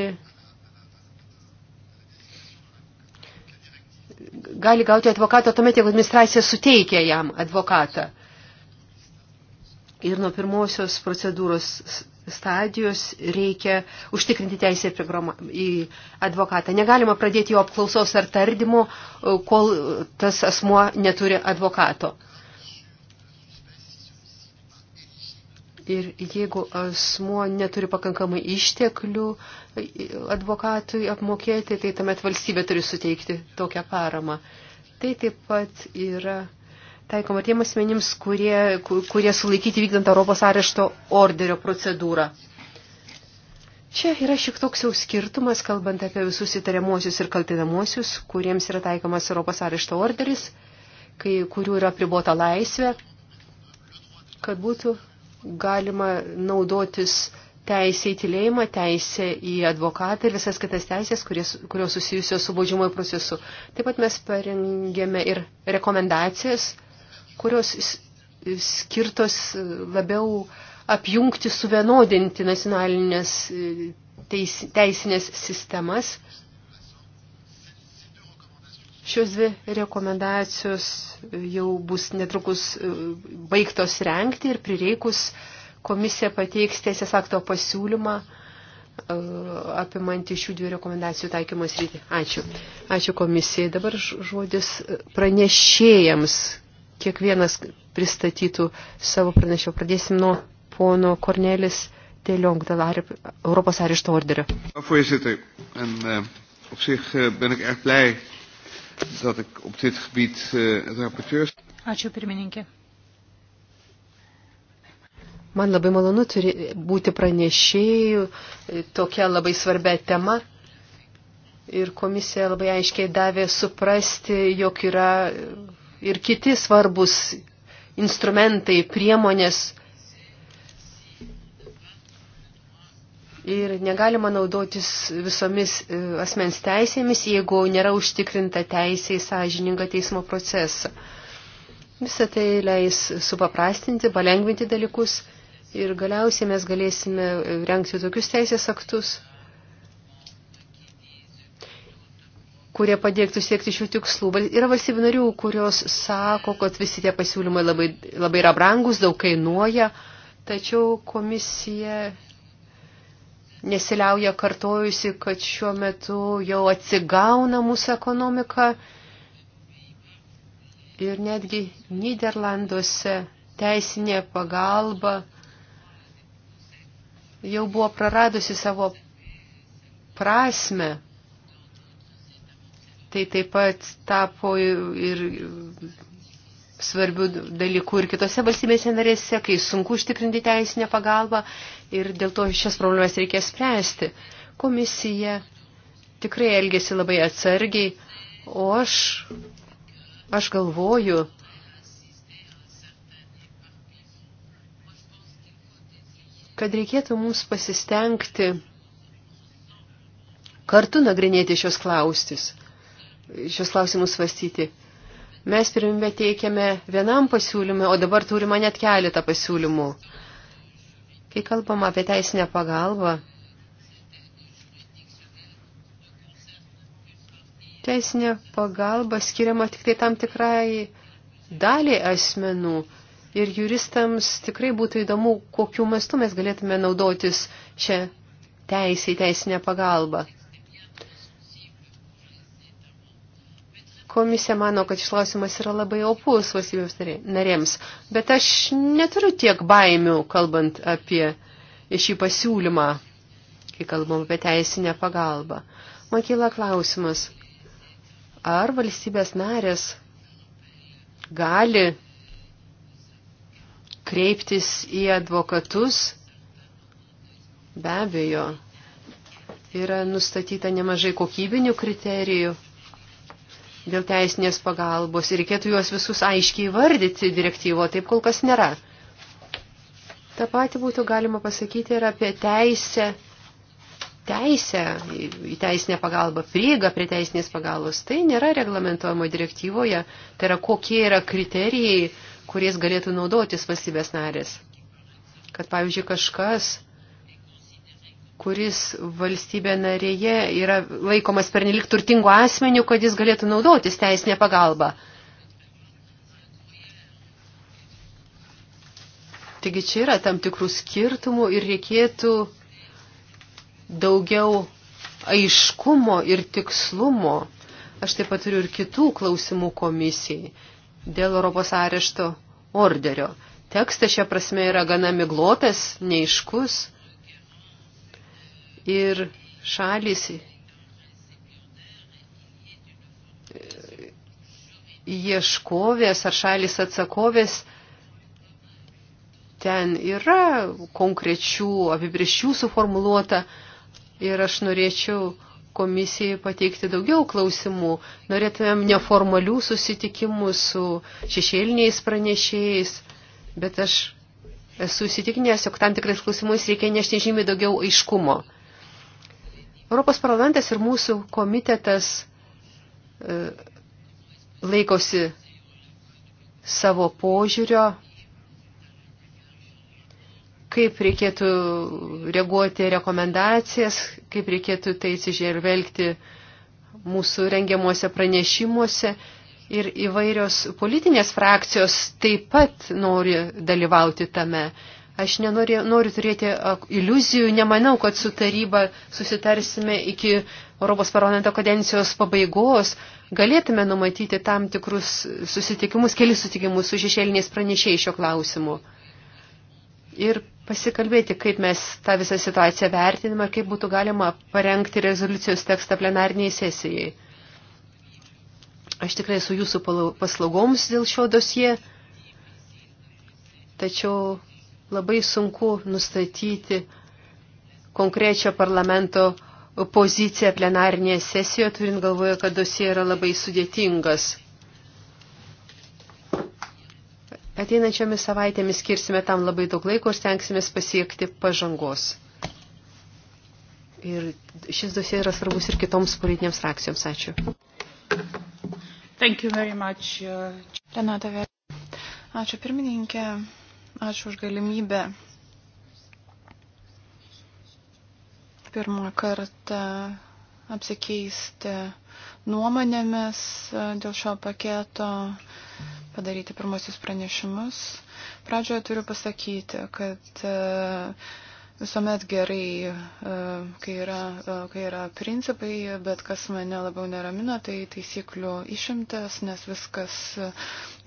gali gauti advokatą tuomet, jeigu administracija suteikia jam advokatą. Ir nuo pirmosios procedūros stadijos reikia užtikrinti teisę į advokatą. Negalima pradėti jo apklausos ar tardymo, e, kol tas asmuo neturi advokato. Ir jeigu asmuo neturi pakankamai išteklių e, advokatui apmokėti, tai tuomet valstybė turi suteikti tokią paramą. Tai taip pat yra taikoma tiem asmenims, kurie, kurie sulaikyti vykdant Europos arešto orderio procedūrą. Čia yra šiek toks jau skirtumas, kalbant apie visus įtariamuosius ir kaltinamuosius, kuriems yra taikomas Europos arešto orderis, kai, kurių yra pribota laisvė, kad būtų galima naudotis teisė į tylėjimą, teisė į advokatą ir visas kitas teisės, kurios, kurios susijusios su baudžiamojo procesu. Taip pat mes parengėme ir rekomendacijas kurios skirtos labiau apjungti, suvienodinti nacionalinės e, teis, teisinės sistemas. Šios dvi rekomendacijos jau bus netrukus e, baigtos renkti ir prireikus komisija pateiks teisės akto pasiūlymą e, apimantį šių dviejų rekomendacijų taikymos rytį. Ačiū. Ačiū komisijai. Dabar žodis pranešėjams, kiekvienas pristatytų savo pranešimą. Pradėsim nuo pono Kornelis Teliong dėl Europos arešto orderio. Voorzitter, en uh, op zich uh, ben ik erg blij dat ik op dit gebied uh, het rapporteur. Ačiū pirmininkė. Man labai malonu turi būti pranešėjų e, tokia labai svarbia tema. Ir komisija labai aiškiai davė suprasti, jog yra uh, ir kiti svarbus instrumentai, priemonės. Ir negalima naudotis visomis e, asmens teisėmis, jeigu nėra užtikrinta teisė į sąžiningą teismo procesą. Visą tai leis supaprastinti, palengvinti dalykus ir galiausiai mes galėsime rengti tokius teisės aktus, kurie padėktų siekti šių tikslų. Yra valstybių narių, kurios sako, kad visi tie pasiūlymai labai, labai yra brangus, daug kainuoja, tačiau komisija nesiliauja kartojusi, kad šiuo metu jau atsigauna mūsų ekonomika ir netgi Niderlanduose teisinė pagalba jau buvo praradusi savo prasme. Tai taip pat tapo ir svarbių dalykų ir kitose valstybėse narėse, kai sunku užtikrinti teisinę pagalbą ir dėl to šias problemas reikės spręsti. Komisija tikrai elgėsi labai atsargiai, o aš, aš galvoju, kad reikėtų mums pasistengti kartu nagrinėti šios klaustis šios klausimus svastyti. Mes pirmime teikiame vienam pasiūlymui, o dabar turime net keletą pasiūlymų. Kai kalbam apie teisinę pagalbą, teisinė pagalba skiriama tik tai tam tikrai daliai asmenų. Ir juristams tikrai būtų įdomu, kokiu mastu mes galėtume naudotis šią teisę į teisinę pagalbą. Komisija mano, kad šis klausimas yra labai opus valstybėms narėms, bet aš neturiu tiek baimių, kalbant apie šį pasiūlymą, kai kalbam apie teisinę pagalbą. Man kyla klausimas, ar valstybės narės gali kreiptis į advokatus? Be abejo, yra nustatyta nemažai kokybinių kriterijų dėl teisinės pagalbos ir reikėtų juos visus aiškiai vardyti direktyvo, taip kol kas nėra. Ta pati būtų galima pasakyti ir apie teisę, teisę į teisinę pagalbą, prieigą prie teisinės pagalbos. Tai nėra reglamentojama direktyvoje, tai yra kokie yra kriterijai, kuriais galėtų naudotis valstybės narės. Kad, pavyzdžiui, kažkas kuris valstybė narėje yra laikomas pernelik turtingų asmenių, kad jis galėtų naudotis teisinę pagalbą. Taigi čia yra tam tikrų skirtumų ir reikėtų daugiau aiškumo ir tikslumo. Aš taip pat turiu ir kitų klausimų komisijai dėl Europos arešto orderio. Tekstas šia prasme yra gana miglotas, neiškus ir šalis e, ieškovės ar šalis atsakovės ten yra konkrečių apibrieščių suformuluota ir aš norėčiau komisijai pateikti daugiau klausimų. Norėtumėm neformalių susitikimų su šešėliniais pranešėjais, bet aš esu įsitikinęs, jog tam tikrais klausimais reikia nešti žymiai daugiau aiškumo. Europos parlamentas ir mūsų komitetas e, laikosi savo požiūrio, kaip reikėtų reaguoti rekomendacijas, kaip reikėtų tai atsižvelgti mūsų rengiamuose pranešimuose ir įvairios politinės frakcijos taip pat nori dalyvauti tame. Aš nenoriu, noriu turėti iliuzijų, nemanau, kad su taryba susitarsime iki Europos parlamento kadencijos pabaigos. Galėtume numatyti tam tikrus susitikimus, kelis susitikimus su šešėliniais pranešėjai šio klausimu. Ir pasikalbėti, kaip mes tą visą situaciją vertiname, kaip būtų galima parengti rezoliucijos tekstą plenarniai sesijai. Aš tikrai su jūsų paslaugoms dėl šio dosie, tačiau labai sunku nustatyti konkrečią parlamento poziciją plenarinėje sesijoje, turint galvoje, kad dosie yra labai sudėtingas. Ateinančiomis savaitėmis skirsime tam labai daug laiko ir stengsimės pasiekti pažangos. Ir šis dosie yra svarbus ir kitoms politinėms frakcijoms. Ačiū. Thank you very much. Uh, Renata, ačiū pirmininkė. Ačiū už galimybę pirmą kartą apsikeisti nuomonėmis dėl šio paketo, padaryti pirmosius pranešimus. Pradžioje turiu pasakyti, kad e, visuomet gerai, e, kai yra, e, kai yra principai, bet kas mane labiau neramina, tai taisyklių išimtas, nes viskas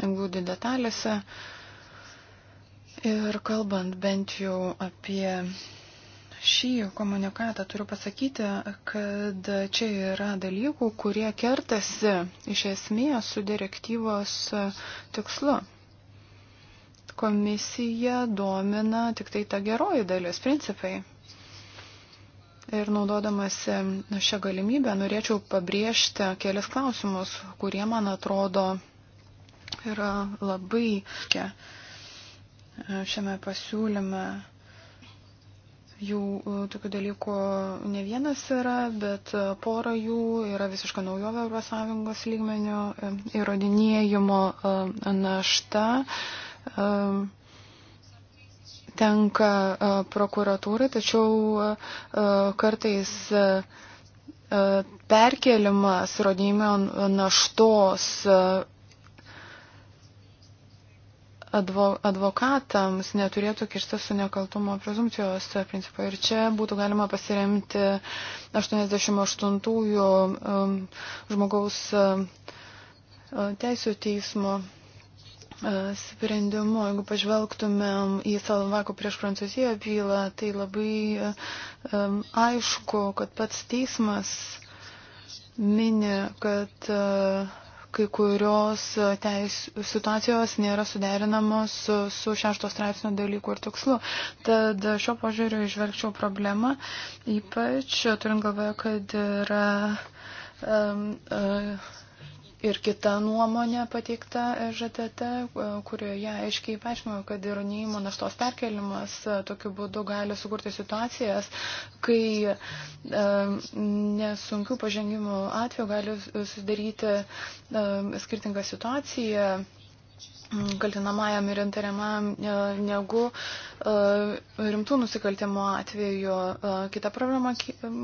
glūdi detalėse. Ir kalbant bent jau apie šį komunikatą, turiu pasakyti, kad čia yra dalykų, kurie kertasi iš esmės su direktyvos tikslu. Komisija domina tik tai ta geroji dalis, principai. Ir naudodamasi šią galimybę norėčiau pabrėžti kelias klausimus, kurie man atrodo yra labai. Čia šiame pasiūlyme. Jų e, tokių dalykų ne vienas yra, bet e, pora jų yra visiška naujovė Europos Sąjungos lygmenio e, įrodinėjimo našta tenka prokuratūrai, tačiau kartais perkelimas įrodinėjimo naštos advo, advokatams neturėtų kirstis su nekaltumo prezumcijos principu. Ir čia būtų galima pasiremti 88-ųjų um, žmogaus uh, teisų teismo uh, sprendimu, jeigu pažvelgtumėm į Salvako prieš Prancūziją bylą, tai labai um, aišku, kad pats teismas mini, kad uh, kai kurios e, teis, situacijos nėra suderinamos su, su šešto straipsnio dalyku ir tikslu. Tad šio požiūriu išvelgčiau problemą, ypač turint galvoje, kad yra. Um, uh, Ir kita nuomonė pateikta ŽTT, e, kurioje aiškiai paaiškino, kad įronimo naštos perkelimas e, tokiu būdu gali sukurti situacijas, kai e, nesunkių pažengimų atveju gali susidaryti e, skirtingą situaciją kaltinamajam ir įtariamajam e, negu e, rimtų nusikaltimų atveju. E, kita problema,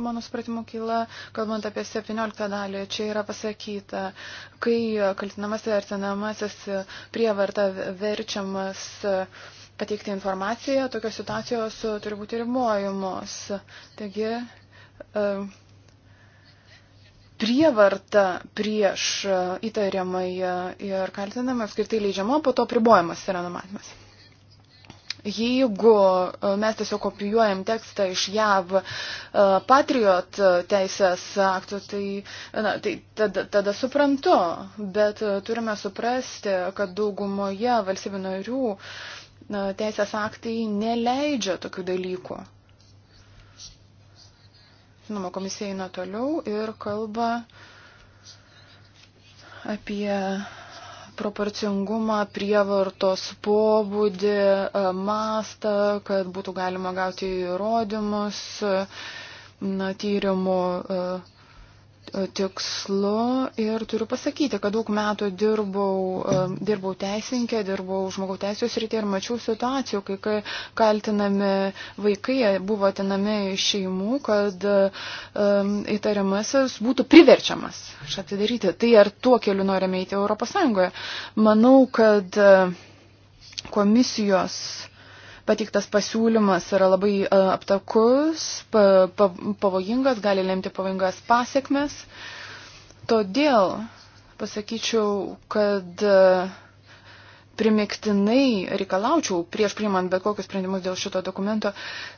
mano supratimu, kyla, kalbant apie 17 dalį, čia yra pasakyta, kai kaltinamasis ar tenamasis prievarta verčiamas pateikti informaciją, tokios situacijos turi būti ribojamos. Taigi, uh, prievarta prieš e, įtariamąją e, ir kaltinamą apskritai leidžiama, po to pribojimas yra numatymas. Jeigu e, mes tiesiog kopijuojam tekstą iš JAV patriot teisės aktų, tai, na, tai tada, tada suprantu, bet turime suprasti, kad daugumoje valstybių narių na, teisės aktai neleidžia tokių dalykų. Žinoma, komisija eina toliau ir kalba apie proporcingumą, prievartos pobūdį, e, mastą, kad būtų galima gauti įrodymus e, na, tyrimų e, tikslu ir turiu pasakyti, kad daug metų dirbau, dirbau teisinkė, dirbau žmogaus teisės rytį ir mačiau situacijų, kai kaltinami vaikai buvo atinami iš šeimų, kad um, įtariamasis būtų priverčiamas atidaryti. Tai ar tuo keliu norime eiti Europos Sąjungoje? Manau, kad komisijos pateiktas pasiūlymas yra labai e, aptakus, pavojingas, gali lemti pavojingas pasiekmes. Todėl pasakyčiau, kad e, primiktinai reikalaučiau, prieš priimant bet kokius sprendimus dėl šito dokumento,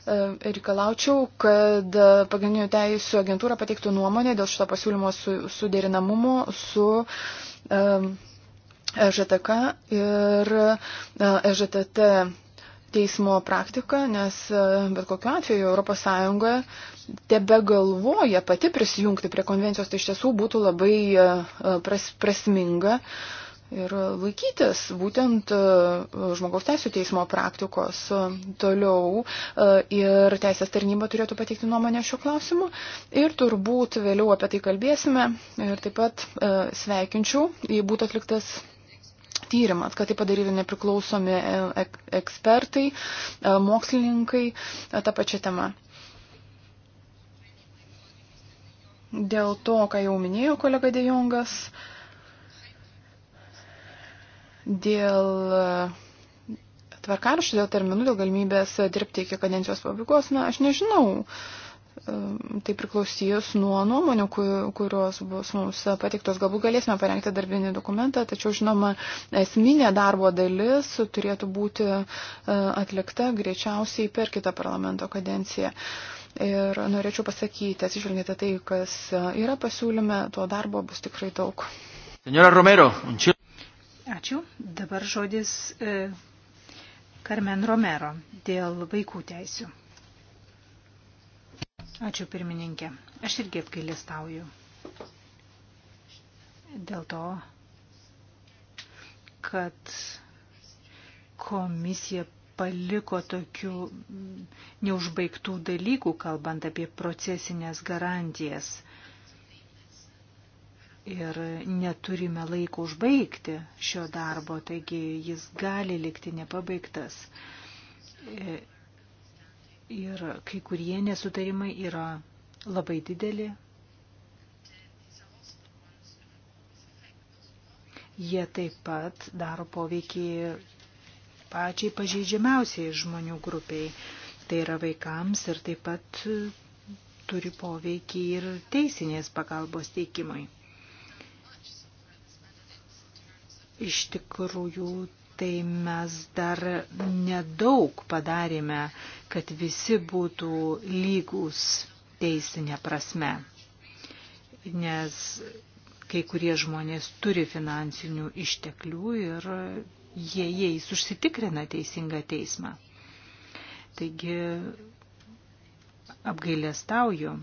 e, reikalaučiau, kad pagrindinių teisų agentūra pateiktų nuomonę dėl šito pasiūlymo suderinamumo su, su um, EŽTK ir EŽTT teismo praktiką, nes e, bet kokiu atveju ES tebe galvoja pati prisijungti prie konvencijos, tai iš tiesų būtų labai e, e, pras, prasminga ir laikytis būtent žmogaus teisų teismo praktikos toliau ir teisės tarnyba turėtų pateikti nuomonę šiuo klausimu ir turbūt vėliau apie tai kalbėsime ir taip pat sveikinčiau, jei būtų atliktas tyrimas, kad tai padaryti nepriklausomi e, ekspertai, e, mokslininkai e, tą pačią temą. Dėl to, ką jau minėjo kolega Dejongas, dėl tvarkaraščių, dėl terminų, dėl galimybės dirbti iki kadencijos pabaigos, na, aš nežinau. Uh, tai priklausys nuo nuomonių, kurios bus mums patiktos. Galbūt galėsime parengti darbinį dokumentą, tačiau, žinoma, esminė darbo dalis turėtų būti e, atlikta greičiausiai per kitą parlamento kadenciją. Ir norėčiau pasakyti, atsižvelgite tai, kas yra pasiūlyme, to darbo bus tikrai daug. Senora Romero, unčil... Ačiū. Dabar žodis e, Carmen Romero dėl vaikų teisių. Ačiū pirmininkė. Aš irgi apgailestauju. Dėl to, kad komisija paliko tokių neužbaigtų dalykų, kalbant apie procesinės garantijas. Ir neturime laiko užbaigti šio darbo, taigi jis gali likti nepabaigtas ir kai kurie nesutarimai yra labai dideli. Jie taip pat daro poveikį pačiai pažeidžiamiausiai žmonių grupiai. Tai yra vaikams ir taip pat turi poveikį ir teisinės pagalbos teikimui. Iš tikrųjų, tai mes dar nedaug padarėme, kad visi būtų lygus teisinė prasme. Nes kai kurie žmonės turi finansinių išteklių ir jie jais užsitikrina teisingą teismą. Taigi apgailėstauju,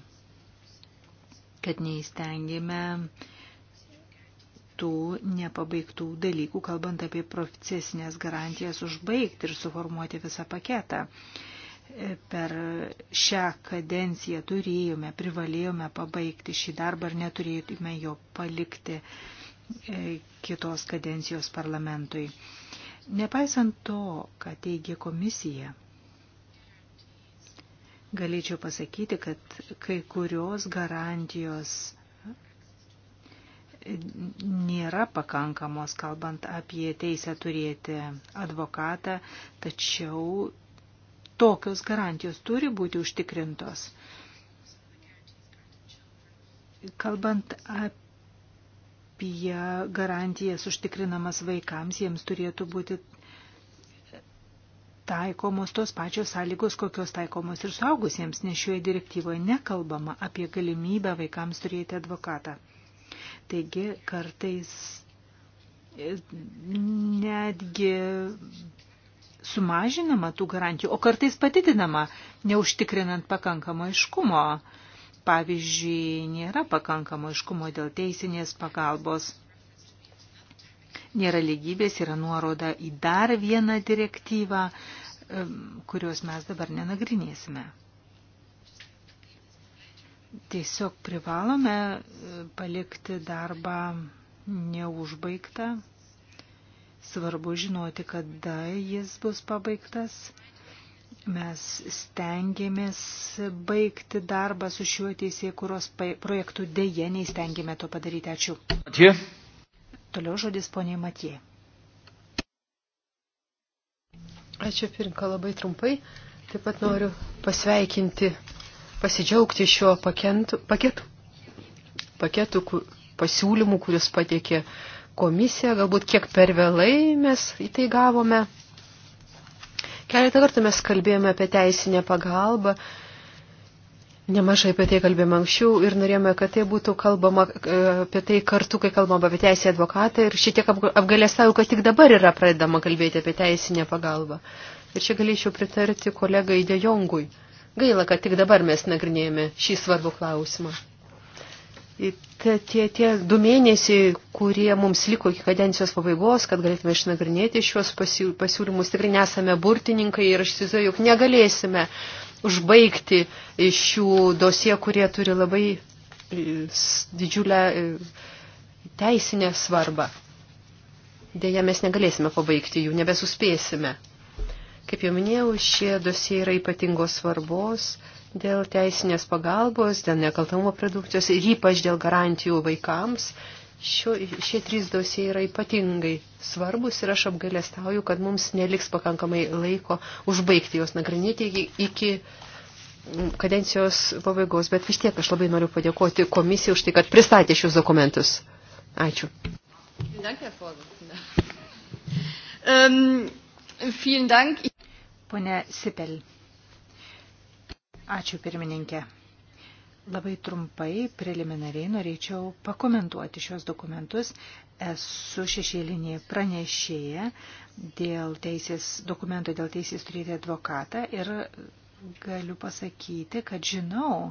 kad neįstengėme tų nepabaigtų dalykų, kalbant apie procesinės garantijas, užbaigti ir suformuoti visą paketą. E, per šią kadenciją turėjome, privalėjome pabaigti šį darbą ir neturėjome jo palikti e, kitos kadencijos parlamentui. Nepaisant to, ką teigia komisija, galėčiau pasakyti, kad kai kurios garantijos nėra pakankamos, kalbant apie teisę turėti advokatą, tačiau tokios garantijos turi būti užtikrintos. Kalbant apie garantijas užtikrinamas vaikams, jiems turėtų būti taikomos tos pačios sąlygos, kokios taikomos ir suaugusiems, nes šioje direktyvoje nekalbama apie galimybę vaikams turėti advokatą. Taigi kartais e, netgi sumažinama tų garantijų, o kartais patidinama, neužtikrinant pakankamo iškumo. Pavyzdžiui, nėra pakankamo iškumo dėl teisinės pagalbos. Nėra lygybės, yra nuoroda į dar vieną direktyvą, kurios mes dabar nenagrinėsime tiesiog privalome e, palikti darbą neužbaigtą. Svarbu žinoti, kada jis bus pabaigtas. Mes stengiamės baigti darbą su šiuo teisėkuros projektu, dėje neįstengėme to padaryti. Ačiū. Matė. Toliau žodis poniai Matė. Ačiū, Pirinka, labai trumpai. Taip pat noriu pasveikinti pasidžiaugti šiuo pakentu, paketu, paketu pasiūlymų, kuris patiekė komisija, galbūt kiek per vėlai mes į tai gavome. Keletą kartų mes kalbėjome apie teisinę pagalbą, nemažai apie tai kalbėjome anksčiau ir norėjome, kad tai būtų kalbama e, apie tai kartu, kai kalbama apie teisę advokatą ir šitiek apgalėstau, kad tik dabar yra pradedama kalbėti apie teisinę pagalbą. Ir čia galėčiau pritarti kolegai Dejongui. De Gaila, kad tik dabar mes nagrinėjame šį svarbų klausimą. Tie, tie, tie du mėnesiai, kurie mums liko iki kadencijos pabaigos, kad galėtume išnagrinėti šios pasiūlymus, tikrai nesame burtininkai ir aš įsivaizduoju, jog negalėsime užbaigti šių dosie, kurie turi labai e, didžiulę e, teisinę svarbą. Deja, mes negalėsime pabaigti jų, nebesuspėsime. Kaip jau minėjau, šie dosie yra ypatingos svarbos dėl teisinės pagalbos, dėl nekaltamumo produkcijos ir ypač dėl garantijų vaikams. Šio, šie trys dosie yra ypatingai svarbus ir aš apgailestauju, kad mums neliks pakankamai laiko užbaigti jos nagrinėti iki, iki kadencijos pabaigos, bet vis tiek aš labai noriu padėkoti komisijai už tai, kad pristatė šios dokumentus. Ačiū. Vielen Dank, Herr Vorsitzender. Ähm, vielen Dank. Pone Sipel. Ačiū pirmininkė. Labai trumpai, preliminariai norėčiau pakomentuoti šios dokumentus. Esu šešėlinė pranešėja dėl teisės, dokumento dėl teisės turėti advokatą ir galiu pasakyti, kad žinau,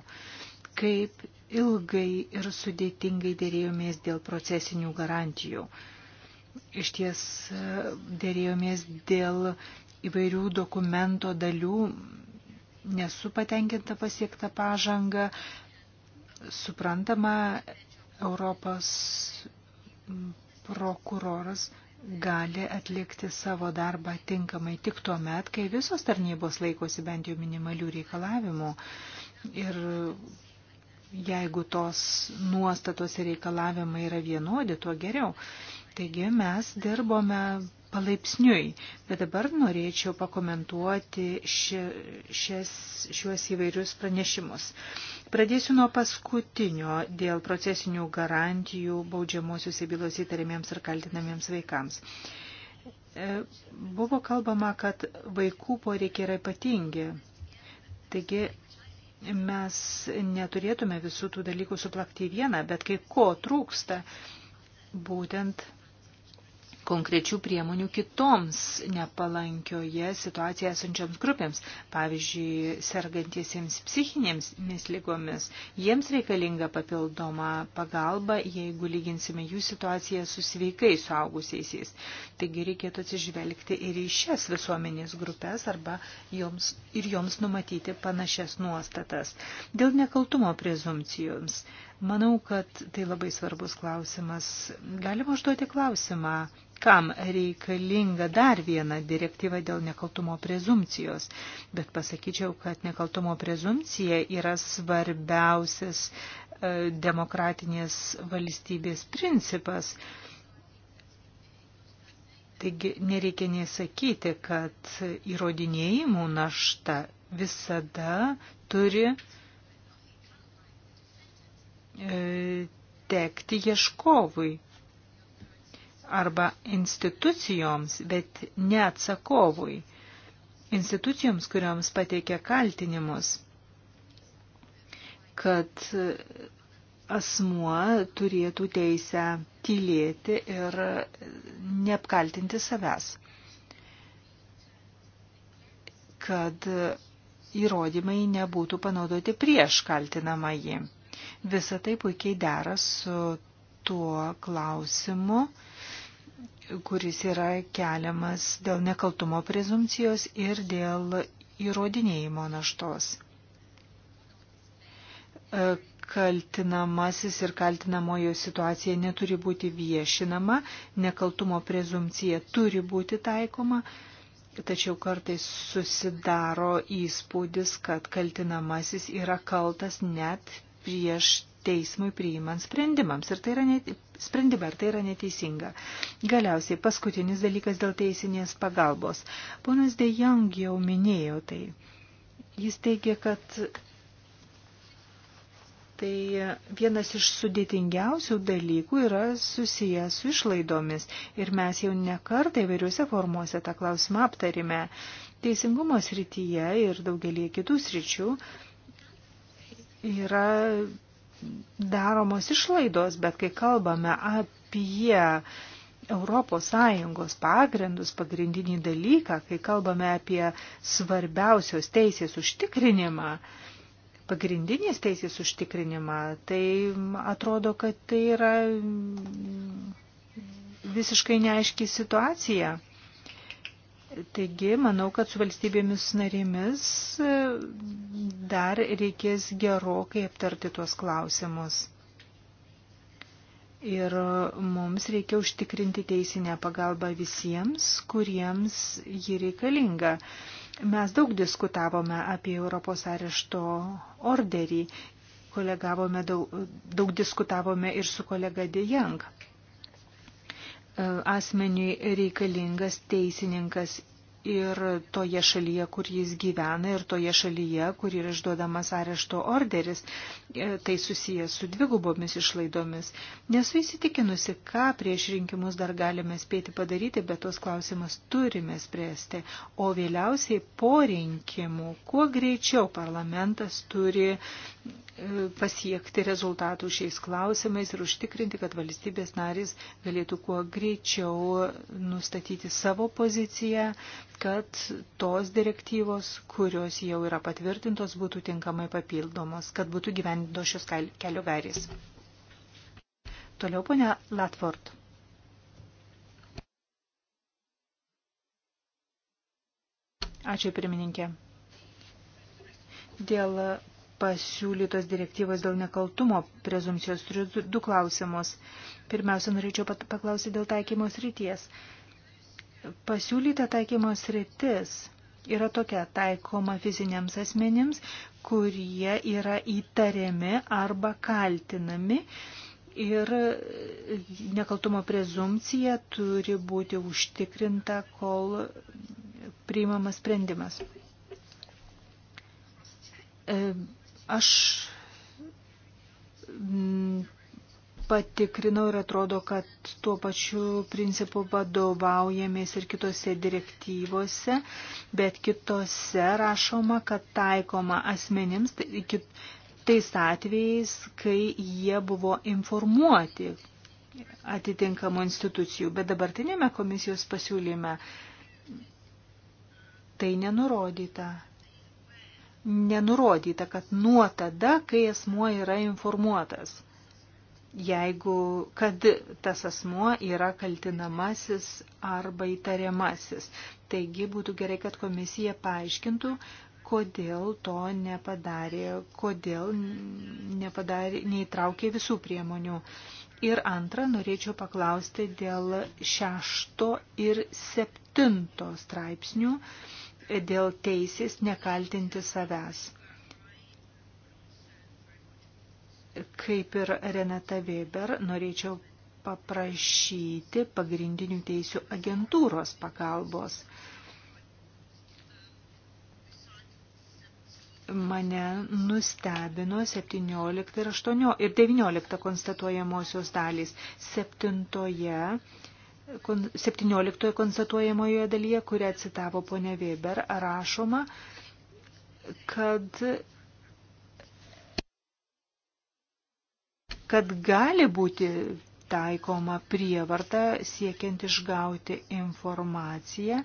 kaip ilgai ir sudėtingai dėrėjomės dėl procesinių garantijų. Iš ties e, dėrėjomės dėl įvairių dokumento dalių, nesu patenkinta pasiektą pažangą. Suprantama, Europos prokuroras gali atlikti savo darbą tinkamai tik tuo met, kai visos tarnybos laikosi bent jau minimalių reikalavimų. Ir jeigu tos nuostatos ir reikalavimai yra vienodi, tuo geriau. Taigi mes dirbome palaipsniui. Bet dabar norėčiau pakomentuoti ši, šias, šiuos įvairius pranešimus. Pradėsiu nuo paskutinio dėl procesinių garantijų baudžiamosiuose bylos įtariamiems ir kaltinamiems vaikams. E, buvo kalbama, kad vaikų poreikiai yra ypatingi. Taigi mes neturėtume visų tų dalykų suplakti į vieną, bet kai ko trūksta, būtent konkrečių priemonių kitoms nepalankioje situacijoje esančioms grupėms, pavyzdžiui, sergantiesiems psichinėmis lygomis. Jiems reikalinga papildoma pagalba, jeigu lyginsime jų situaciją su sveikai suaugusiaisiais. Taigi reikėtų atsižvelgti ir į šias visuomenės grupės arba joms, ir joms numatyti panašias nuostatas. Dėl nekaltumo prezumcijoms Manau, kad tai labai svarbus klausimas. Galima užduoti klausimą, kam reikalinga dar viena direktyva dėl nekaltumo prezumcijos. Bet pasakyčiau, kad nekaltumo prezumcija yra svarbiausias e, demokratinės valstybės principas. Taigi nereikia nesakyti, kad įrodinėjimų našta visada turi E, tekti ieškovui arba institucijoms, bet ne atsakovui, institucijoms, kurioms pateikia kaltinimus, kad asmuo turėtų teisę tylėti ir neapkaltinti savęs, kad įrodymai nebūtų panaudoti prieš kaltinamąjį. Visa tai puikiai dera su tuo klausimu, kuris yra keliamas dėl nekaltumo prezumcijos ir dėl įrodinėjimo naštos. E, kaltinamasis ir kaltinamojo situacija neturi būti viešinama, nekaltumo prezumcija turi būti taikoma, tačiau kartais susidaro įspūdis, kad kaltinamasis yra kaltas net prieš teismui priimant sprendimams. Ir tai yra ne, sprendimą, ar tai yra neteisinga. Galiausiai paskutinis dalykas dėl teisinės pagalbos. Ponas De Jong jau minėjo tai. Jis teigia, kad tai vienas iš sudėtingiausių dalykų yra susijęs su išlaidomis. Ir mes jau nekartą įvairiuose formuose tą klausimą aptarime. Teisingumo srityje ir daugelie kitų sričių yra daromos išlaidos, bet kai kalbame apie ES pagrindus, pagrindinį dalyką, kai kalbame apie svarbiausios teisės užtikrinimą, pagrindinės teisės užtikrinimą, tai atrodo, kad tai yra visiškai neaiški situacija. Taigi, manau, kad su valstybėmis narėmis e, dar reikės gerokai aptarti tuos klausimus. Ir mums reikia užtikrinti teisinę pagalbą visiems, kuriems ji reikalinga. Mes daug diskutavome apie Europos arešto orderį, kolegavome daug, daug diskutavome ir su kolega Dejang. E, asmeniui reikalingas teisininkas ir toje šalyje, kur jis gyvena, ir toje šalyje, kur yra išduodamas arešto orderis. E, tai susijęs su dvigubomis išlaidomis. Nesu įsitikinusi, ką prieš rinkimus dar galime spėti padaryti, bet tos klausimas turime spręsti. O vėliausiai po rinkimų, kuo greičiau parlamentas turi pasiekti rezultatų šiais klausimais ir užtikrinti, kad valstybės narys galėtų kuo greičiau nustatyti savo poziciją, kad tos direktyvos, kurios jau yra patvirtintos, būtų tinkamai papildomos, kad būtų gyvendintos šios kelio gairės. Toliau, ponia Latvort. Ačiū, pirmininkė. Dėl pasiūlytos direktyvos dėl nekaltumo prezumcijos turiu du, du klausimus. Pirmiausia, norėčiau paklausyti dėl taikymo srities. Pasiūlyta taikymo sritis yra tokia taikoma fiziniams asmenims, kurie yra įtariami arba kaltinami ir nekaltumo prezumcija turi būti užtikrinta, kol priimamas sprendimas e, Aš patikrinau ir atrodo, kad tuo pačiu principu vadovaujamės ir kitose direktyvose, bet kitose rašoma, kad taikoma asmenims tai tais atvejais, kai jie buvo informuoti atitinkamų institucijų. Bet dabartinėme komisijos pasiūlyme tai nenurodyta nenurodyta, kad nuo tada, kai asmuo yra informuotas, jeigu, kad tas asmuo yra kaltinamasis arba įtariamasis. Taigi būtų gerai, kad komisija paaiškintų, kodėl to nepadarė, kodėl nepadarė, neįtraukė visų priemonių. Ir antrą norėčiau paklausti dėl šešto ir septinto straipsnių. Uh, dėl teisės nekaltinti savęs. Kaip ir Renata Weber, norėčiau paprašyti pagrindinių teisių agentūros pagalbos. Mane nustebino 17 ir, 18, ir 19 konstatuojamosios dalys. Septintoje 17 konstatuojamojoje dalyje, kurią citavo ponia Weber, rašoma, kad, kad gali būti taikoma prievarta siekiant išgauti informaciją.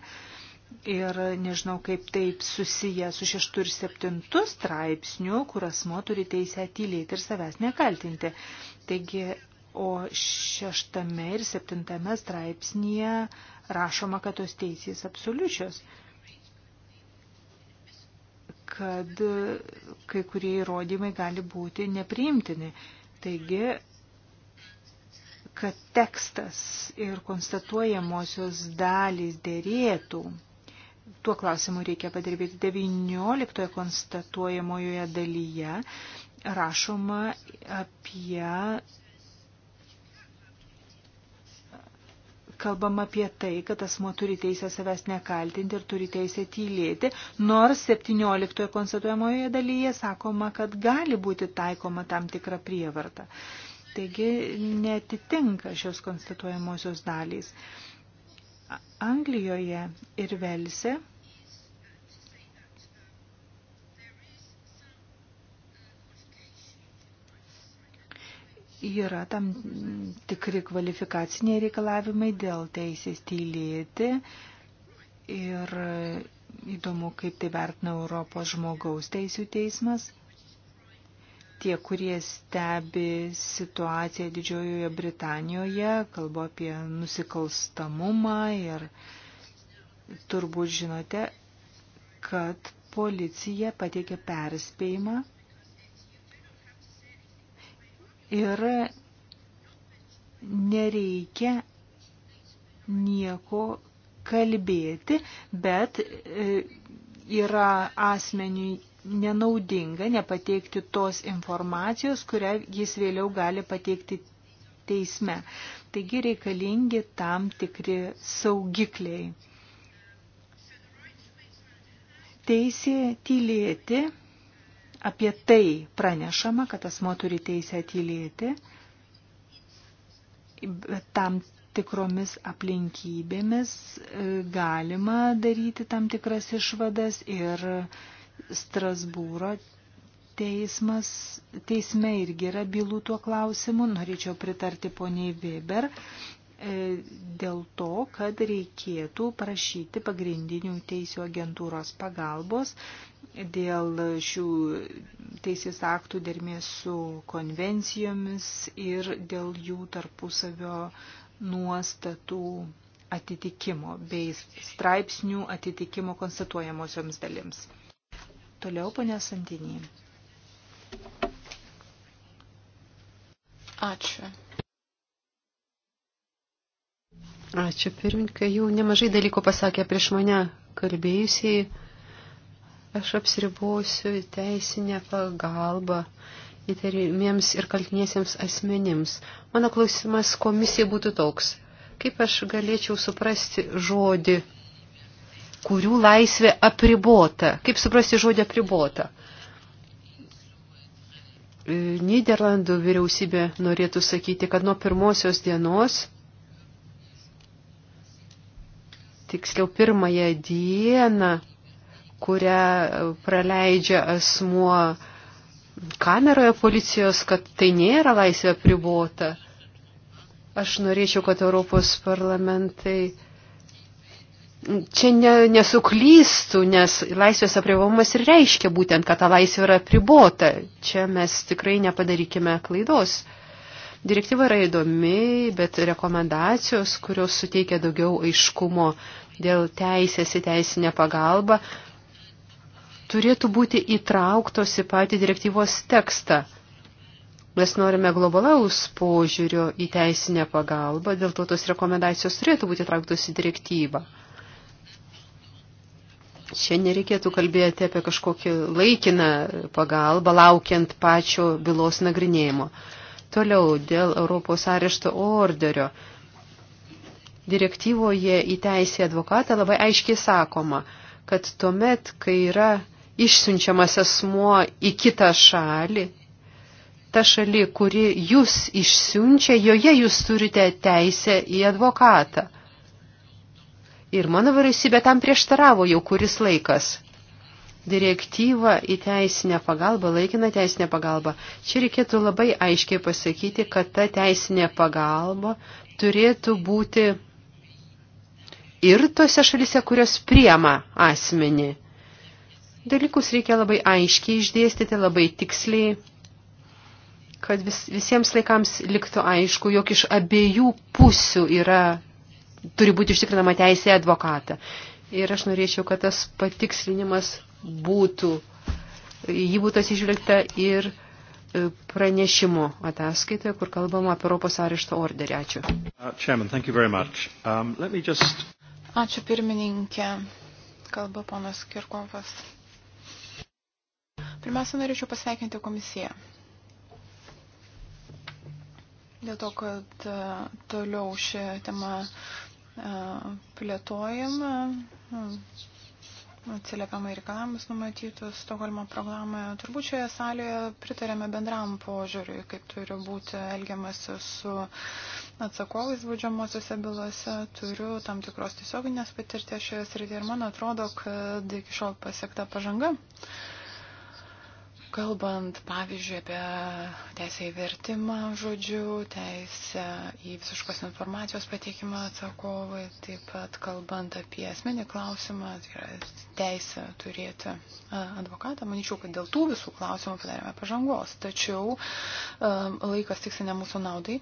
Ir nežinau, kaip taip susiję su šeštu ir septintu straipsniu, kur asmo turi teisę tylėti ir savęs nekaltinti. Taigi O šeštame ir septintame straipsnėje rašoma, kad tos teisės absoliučios kad kai kurie įrodymai gali būti nepriimtini. Taigi, kad tekstas ir konstatuojamosios dalys dėrėtų. Tuo klausimu reikia padirbėti 19 konstatuojamojoje dalyje rašoma apie kalbama apie tai, kad asmo turi teisę savęs nekaltinti ir turi teisę tylėti, nors 17 konstatuojamoje dalyje sakoma, kad gali būti taikoma tam tikra prievarta. Taigi netitinka šios konstatuojamosios dalys. Anglijoje ir Velse yra tam tikri kvalifikaciniai reikalavimai dėl teisės tylėti ir įdomu, kaip tai vertina Europos žmogaus teisų teismas. Tie, kurie stebi situaciją Didžiojoje Britanijoje, kalbu apie nusikalstamumą ir turbūt žinote, kad policija pateikė perspėjimą ir nereikia nieko kalbėti, bet e, yra asmeniui nenaudinga nepateikti tos informacijos, kurią jis vėliau gali pateikti teisme. Taigi reikalingi tam tikri saugikliai. Teisė tylėti apie tai pranešama, kad asmo turi teisę atylėti, bet tam tikromis aplinkybėmis e, galima daryti tam tikras išvadas ir Strasbūro teismas, teisme irgi yra bylų tuo klausimu. Norėčiau pritarti poniai Weber, E, dėl to, kad reikėtų prašyti pagrindinių teisų agentūros pagalbos dėl šių teisės aktų dermės su konvencijomis ir dėl jų tarpusavio nuostatų atitikimo bei straipsnių atitikimo konstatuojamosioms dalims. Toliau, ponė Santinį. Ačiū. Ačiū pirmininkai, jau nemažai dalykų pasakė prieš mane kalbėjusiai. Aš apsiribosiu teisinę pagalbą įtarimiems ir kaltiniesiems asmenims. Mano klausimas komisijai būtų toks. Kaip aš galėčiau suprasti žodį, kurių laisvė apribota? Kaip suprasti žodį apribota? Niderlandų vyriausybė norėtų sakyti, kad nuo pirmosios dienos tiksliau pirmąją dieną, kurią praleidžia asmuo kameroje policijos, kad tai nėra laisvė pribota. Aš norėčiau, kad Europos parlamentai čia ne, nesuklystų, nes laisvės apribomas ir reiškia būtent, kad ta laisvė yra pribota. Čia mes tikrai nepadarykime klaidos. Direktyva yra įdomi, bet rekomendacijos, kurios suteikia daugiau aiškumo dėl teisės į teisinę pagalbą, turėtų būti įtrauktos į patį direktyvos tekstą. Mes norime globalaus požiūrio į teisinę pagalbą, dėl to tos rekomendacijos turėtų būti įtrauktos į direktyvą. Čia nereikėtų kalbėti apie kažkokį laikiną pagalbą, laukiant pačio bylos nagrinėjimo. Toliau dėl Europos arešto orderio. Direktyvoje į teisę advokatą labai aiškiai sakoma, kad tuomet, kai yra išsiunčiamas asmuo į kitą šalį, ta šali, kuri jūs išsiunčia, joje jūs turite teisę į advokatą. Ir mano vyriausybė tam prieštaravo jau kuris laikas direktyvą į teisinę pagalbą, laikiną teisinę pagalbą, čia reikėtų labai aiškiai pasakyti, kad ta teisinė pagalba turėtų būti ir tose šalise, kurios priema asmenį. Dalykus reikia labai aiškiai išdėstyti, labai tiksliai, kad vis, visiems laikams liktų aišku, jog iš abiejų pusių yra, turi būti ištikrinama teisė advokatą. Ir aš norėčiau, kad tas patikslinimas būtų, jį būtų atsižvelgta ir e, pranešimo ataskaitoje, kur kalbama apie Europos arešto orderį. Ačiū. Uh, chairman, um, just... Ačiū pirmininkė. Kalba ponas Kirkovas. Pirmiausia, norėčiau pasveikinti komisiją. Dėl to, kad e, toliau šią temą e, plėtojama, atsiliepiamai reikalavimus numatytus Stokholmo programoje. Turbūt šioje salėje pritarėme bendram požiūriui, kaip turi būti elgiamasi su atsakovais būdžiamosiuose bylose. Turiu tam tikros tiesioginės patirties šioje srityje ir man atrodo, kad iki šiol pasiekta pažanga. Uh, Kalbant, pavyzdžiui, apie teisę į vertimą žodžių, teisę į visiškos informacijos pateikimą atsakovui, taip pat kalbant apie asmenį klausimą, tai yra teisę turėti advokatą, manyčiau, kad dėl tų visų klausimų padarėme pažangos. Tačiau laikas tiksi ne mūsų naudai.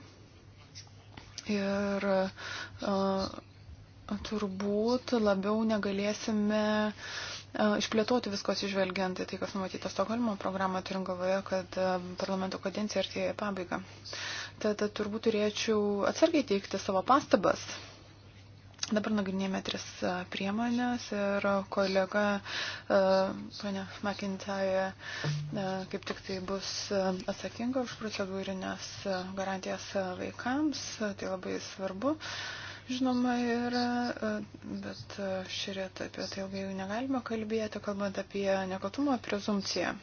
Ir turbūt labiau negalėsime išplėtoti viskos išvelgiant tai, kas numatyta Stokholmo programą, turint galvoje, kad parlamento kadencija artėja pabaiga. Tad turbūt turėčiau atsargiai teikti savo pastabas. Dabar nagrinėjame tris priemonės ir kolega, ponia McIntyre, kaip tik tai bus atsakinga už procedūrinės garantijas vaikams, tai labai svarbu. Uh, žinoma, yra, e, bet e, širėt apie tai ilgai jau negalima kalbėti, kalbant apie nekaltumo prezumciją.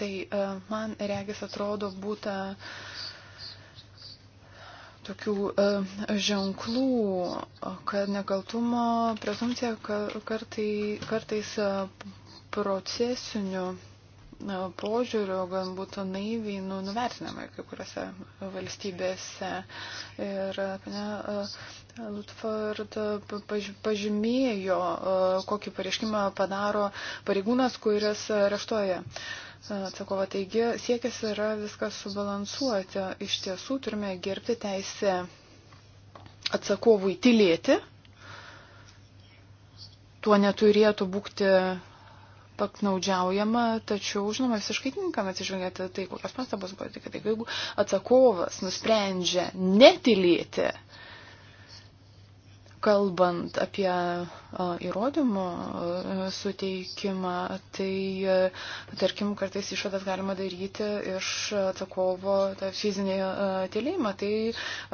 Tai e, man regis atrodo būta tokių ženklų, kad nekaltumo prezumcija kartai, kartais procesiniu požiūriu gan būtų naiviai nu, nuvertinama kai kuriuose valstybėse. Ir ne, Lutford pažymėjo, kokį pareiškimą padaro pareigūnas, kuris areštuoja. Atsakova, taigi siekis yra viskas subalansuoti. Iš tiesų turime gerbti teisę atsakovui tylėti. Tuo neturėtų būkti paknaudžiaujama, tačiau, žinoma, visiškai tinkama atsižvelgiant tai, kokios pastabos buvo tik, kad jeigu atsakovas nusprendžia netilėti kalbant apie įrodymų suteikimą, tai, tarkim, kartais išvadas galima daryti iš atsakovo fizinį tylėjimą. Tai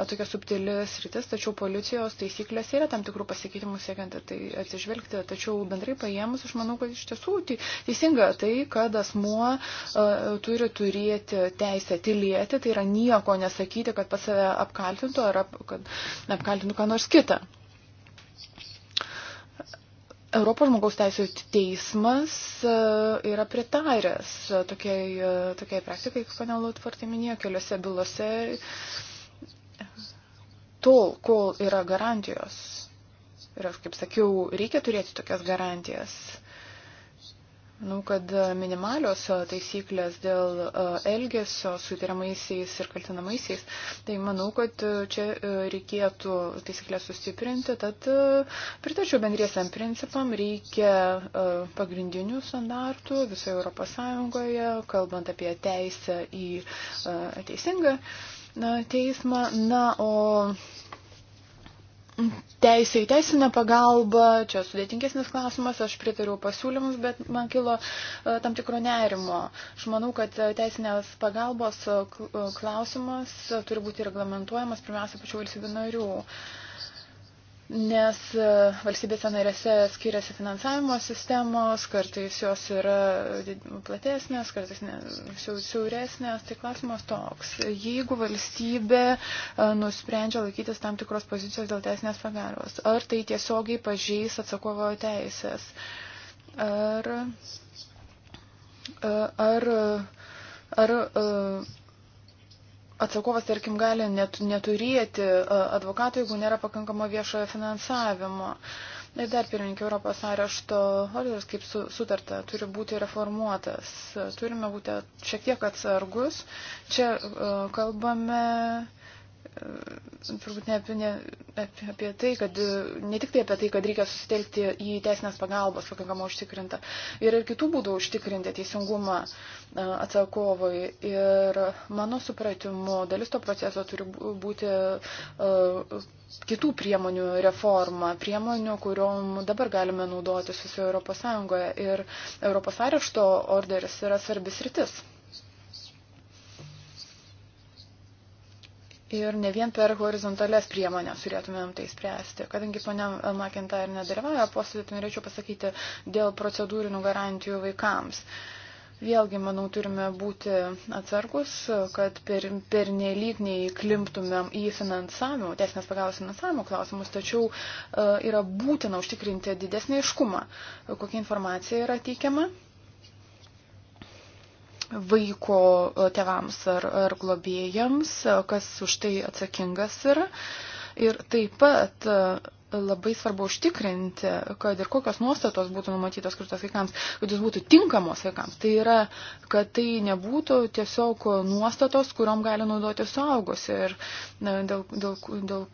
tokia subtili sritis, tačiau policijos taisyklės yra tam tikrų pasikeitimų siekiant tai atsižvelgti. Tačiau bendrai paėmus, aš manau, kad iš tiesų teisinga tai, kad asmuo turi turėti teisę tylėti, tai yra nieko nesakyti, kad pas save apkaltintų ar ap, kad apkaltintų ką nors kitą. Europos žmogaus teisų teismas e, yra pritaręs e, tokiai, e, tokiai praktikai, kaip panelų tvartai minėjo, keliose bylose tol, kol yra garantijos. Ir aš kaip sakiau, reikia turėti tokias garantijas. Manau, kad e, minimalios e, taisyklės dėl e, elgesio su įtariamaisiais ir kaltinamaisiais, tai manau, kad čia reikėtų taisyklės sustiprinti, tad pritačiau bendriesiam principam, reikia pagrindinių standartų visoje Europos Sąjungoje, kalbant apie teisę į teisingą teismą. Na, o Teisė į teisinę pagalbą, čia sudėtingesnis klausimas, aš pritariu pasiūlymus, bet man kilo e, tam tikro nerimo. Aš manau, kad teisinės pagalbos e, e, klausimas turi būti reglamentuojamas pirmiausia pačių valstybių narių. Uh, nes e, valstybėse narėse skiriasi finansavimo sistemos, kartais jos yra platesnės, kartais ne, siauresnės, tai klausimas toks. Jeigu valstybė e, nusprendžia laikytis tam tikros pozicijos dėl teisinės pagalbos, ar tai tiesiogiai pažeis atsakovo teisės, ar, e, ar, ar, ar atsakovas, tarkim, gali net, neturėti advokato, jeigu nėra pakankamo viešojo finansavimo. Ir dar pirmininkė Europos arešto orderis, kaip su, sutarta, turi būti reformuotas. Turime būti šiek tiek atsargus. Čia uh, kalbame turbūt ne apie, ne, apie, apie tai, kad ne tik tai apie tai, kad reikia susitelkti į teisinės pagalbos pakankamą užtikrintą. Yra ir kitų būdų užtikrinti teisingumą atsakovui. Ir mano supratimu, dalis to proceso turi būti uh, kitų priemonių reforma, priemonių, kuriuom dabar galime naudoti visoje Europos Sąjungoje. Ir Europos arešto orderis yra svarbis rytis. Ir ne vien per horizontales priemonės turėtumėm tai spręsti. Kadangi ponia Makinta ir nedalyvauja posėdį, tai norėčiau pasakyti dėl procedūrinių garantijų vaikams. Vėlgi, manau, turime būti atsargus, kad per, per nelik neįklimptumėm į finansavimo, teisinės pagalbos finansavimo klausimus, tačiau e, yra būtina užtikrinti didesnį iškumą, kokia informacija yra teikiama vaiko e, tevams ar, ar globėjams, e, kas už tai atsakingas yra. Ir taip pat e, labai svarbu užtikrinti, kad ir kokios nuostatos būtų numatytos skirtos vaikams, kad jis būtų tinkamos vaikams. Tai yra, kad tai nebūtų tiesiog nuostatos, kuriom gali naudoti suaugusi ir dėl, dėl, dėl,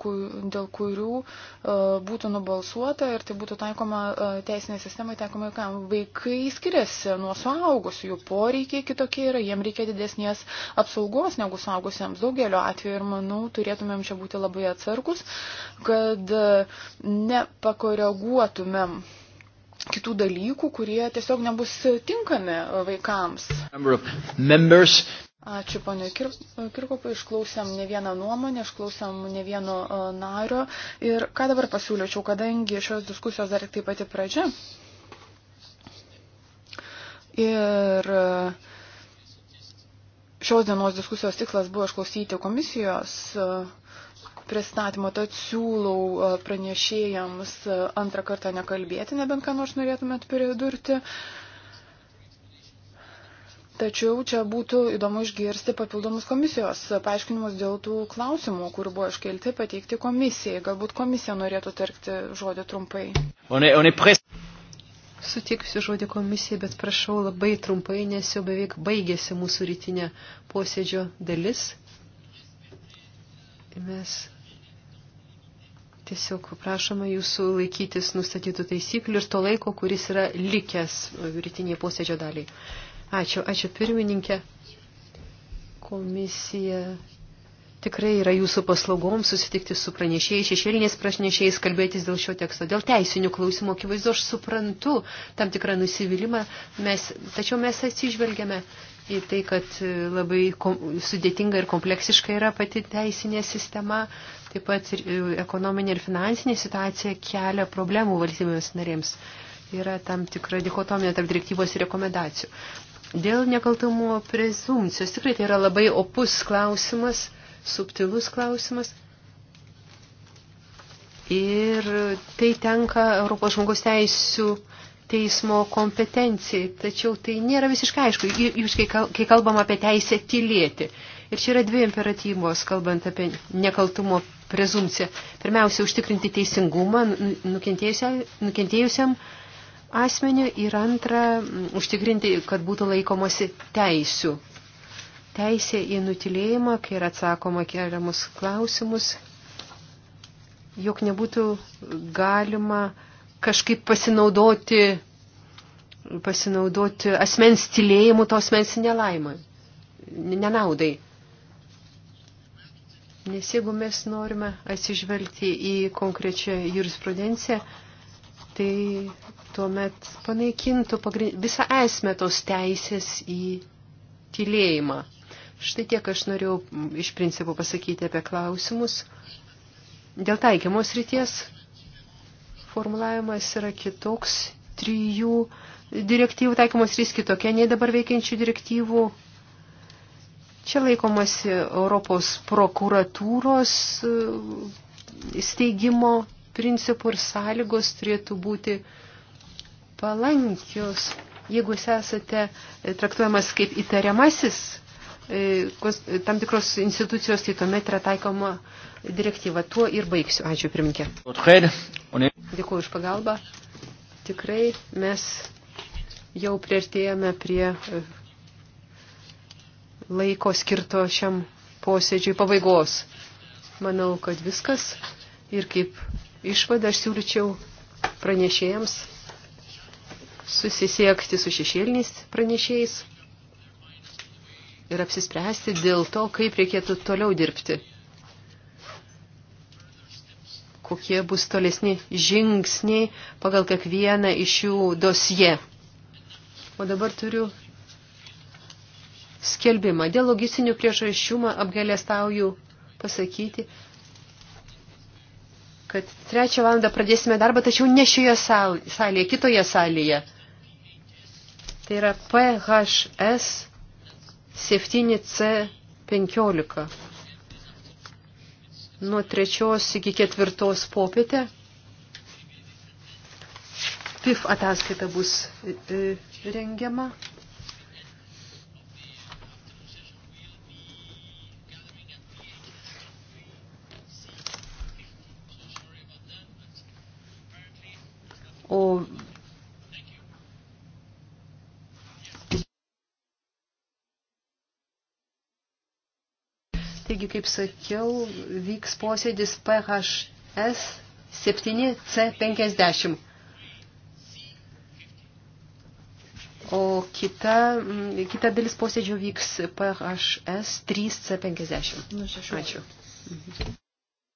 dėl kurių uh, būtų nubalsuota ir tai būtų taikoma uh, e, teisinė sistema, taikoma vaikams. Vaikai skiriasi nuo suaugusių, jų poreikiai kitokie yra, jiems reikia didesnės apsaugos negu suaugusiems daugeliu atveju ir manau, turėtumėm čia būti labai atsargus, kad uh, nepakoreguotumėm kitų dalykų, kurie tiesiog nebus tinkami vaikams. Ačiū, ponio Kirkopai, išklausėm ne vieną nuomonę, išklausėm ne vieno e, nario. Ir ką dabar pasiūlyčiau, kadangi šios diskusijos dar taip pati pradžia. Ir e, šios dienos diskusijos tikslas buvo išklausyti komisijos e, pristatymo, tad siūlau e, pranešėjams e, antrą kartą nekalbėti, nebent ką nors norėtumėt pridurti. Tačiau čia būtų įdomu išgirsti papildomus komisijos paaiškinimus dėl tų klausimų, kur buvo iškelti pateikti komisijai. Galbūt komisija norėtų tarkti žodį trumpai. Sutiksiu žodį komisijai, bet prašau labai trumpai, nes jau beveik baigėsi mūsų rytinė posėdžio dalis. Mes Tiesiog prašome jūsų laikytis nustatytų taisyklių ir to laiko, kuris yra likęs rytiniai posėdžio daliai. Ačiū, ačiū pirmininkė. Komisija tikrai yra jūsų paslaugoms susitikti su pranešėjais, šešėliniais pranešėjais, kalbėtis dėl šio teksto. Dėl teisinių klausimų, akivaizdu, aš suprantu tam tikrą nusivylimą, mes, tačiau mes atsižvelgiame į tai, kad labai kom, sudėtinga ir kompleksiška yra pati teisinė sistema. Taip pat ir e, ekonominė ir finansinė situacija kelia problemų valstybėms narėms. Yra tam tikra dikotomija tarp direktyvos ir rekomendacijų. Dėl nekaltumo prezumcijos tikrai tai yra labai opus klausimas, subtilus klausimas. Ir tai tenka Europos žmogaus teisų teismo kompetencijai, tačiau tai nėra visiškai aišku, ypač kai kalbam apie teisę tylėti. Ir čia yra dvi imperatyvos, kalbant apie nekaltumo prezumcija. Pirmiausia, užtikrinti teisingumą nukentėjusiam asmeniu ir antra, užtikrinti, kad būtų laikomosi teisių. Teisė į nutilėjimą, kai yra atsakoma keliamus klausimus, jog nebūtų galima kažkaip pasinaudoti, pasinaudoti asmens tylėjimu to asmens nelaimai, nenaudai. Nes jeigu mes norime atsižvelgti į konkrečią jurisprudenciją, tai tuomet panaikintų pagrind... visą esmę tos teisės į tylėjimą. Štai tiek aš norėjau iš principo pasakyti apie klausimus. Dėl taikymos ryties formulavimas yra kitoks trijų direktyvų taikymos rys kitokia nei dabar veikiančių direktyvų Čia laikomasi Europos prokuratūros e, steigimo principų ir sąlygos turėtų būti palankios. Jeigu jūs esate e, traktuojamas kaip įtariamasis, e, tam tikros institucijos, tai tuomet yra taikoma direktyva. Tuo ir baigsiu. Ačiū, pirminkė. Dėkuoju už pagalbą. Tikrai mes jau priartėjome prie laiko skirto šiam posėdžiui pabaigos. Manau, kad viskas ir kaip išvada aš siūlyčiau pranešėjams susisiekti su šešėliniais pranešėjais ir apsispręsti dėl to, kaip reikėtų toliau dirbti. Kokie bus tolesni žingsniai pagal kiekvieną iš jų dosie. O dabar turiu skelbimą. Dėl logistinių priežasčių apgailestauju pasakyti, kad trečią valandą pradėsime darbą, tačiau ne šioje salėje, kitoje salėje. Tai yra PHS 7C15. Nuo trečios iki ketvirtos popietė PIF ataskaita bus e, e, rengiama. Ir kaip sakiau, vyks posėdis PHS 7C50. O kita, kita dalis posėdžio vyks PHS 3C50. Nu, Ačiū. Mhm.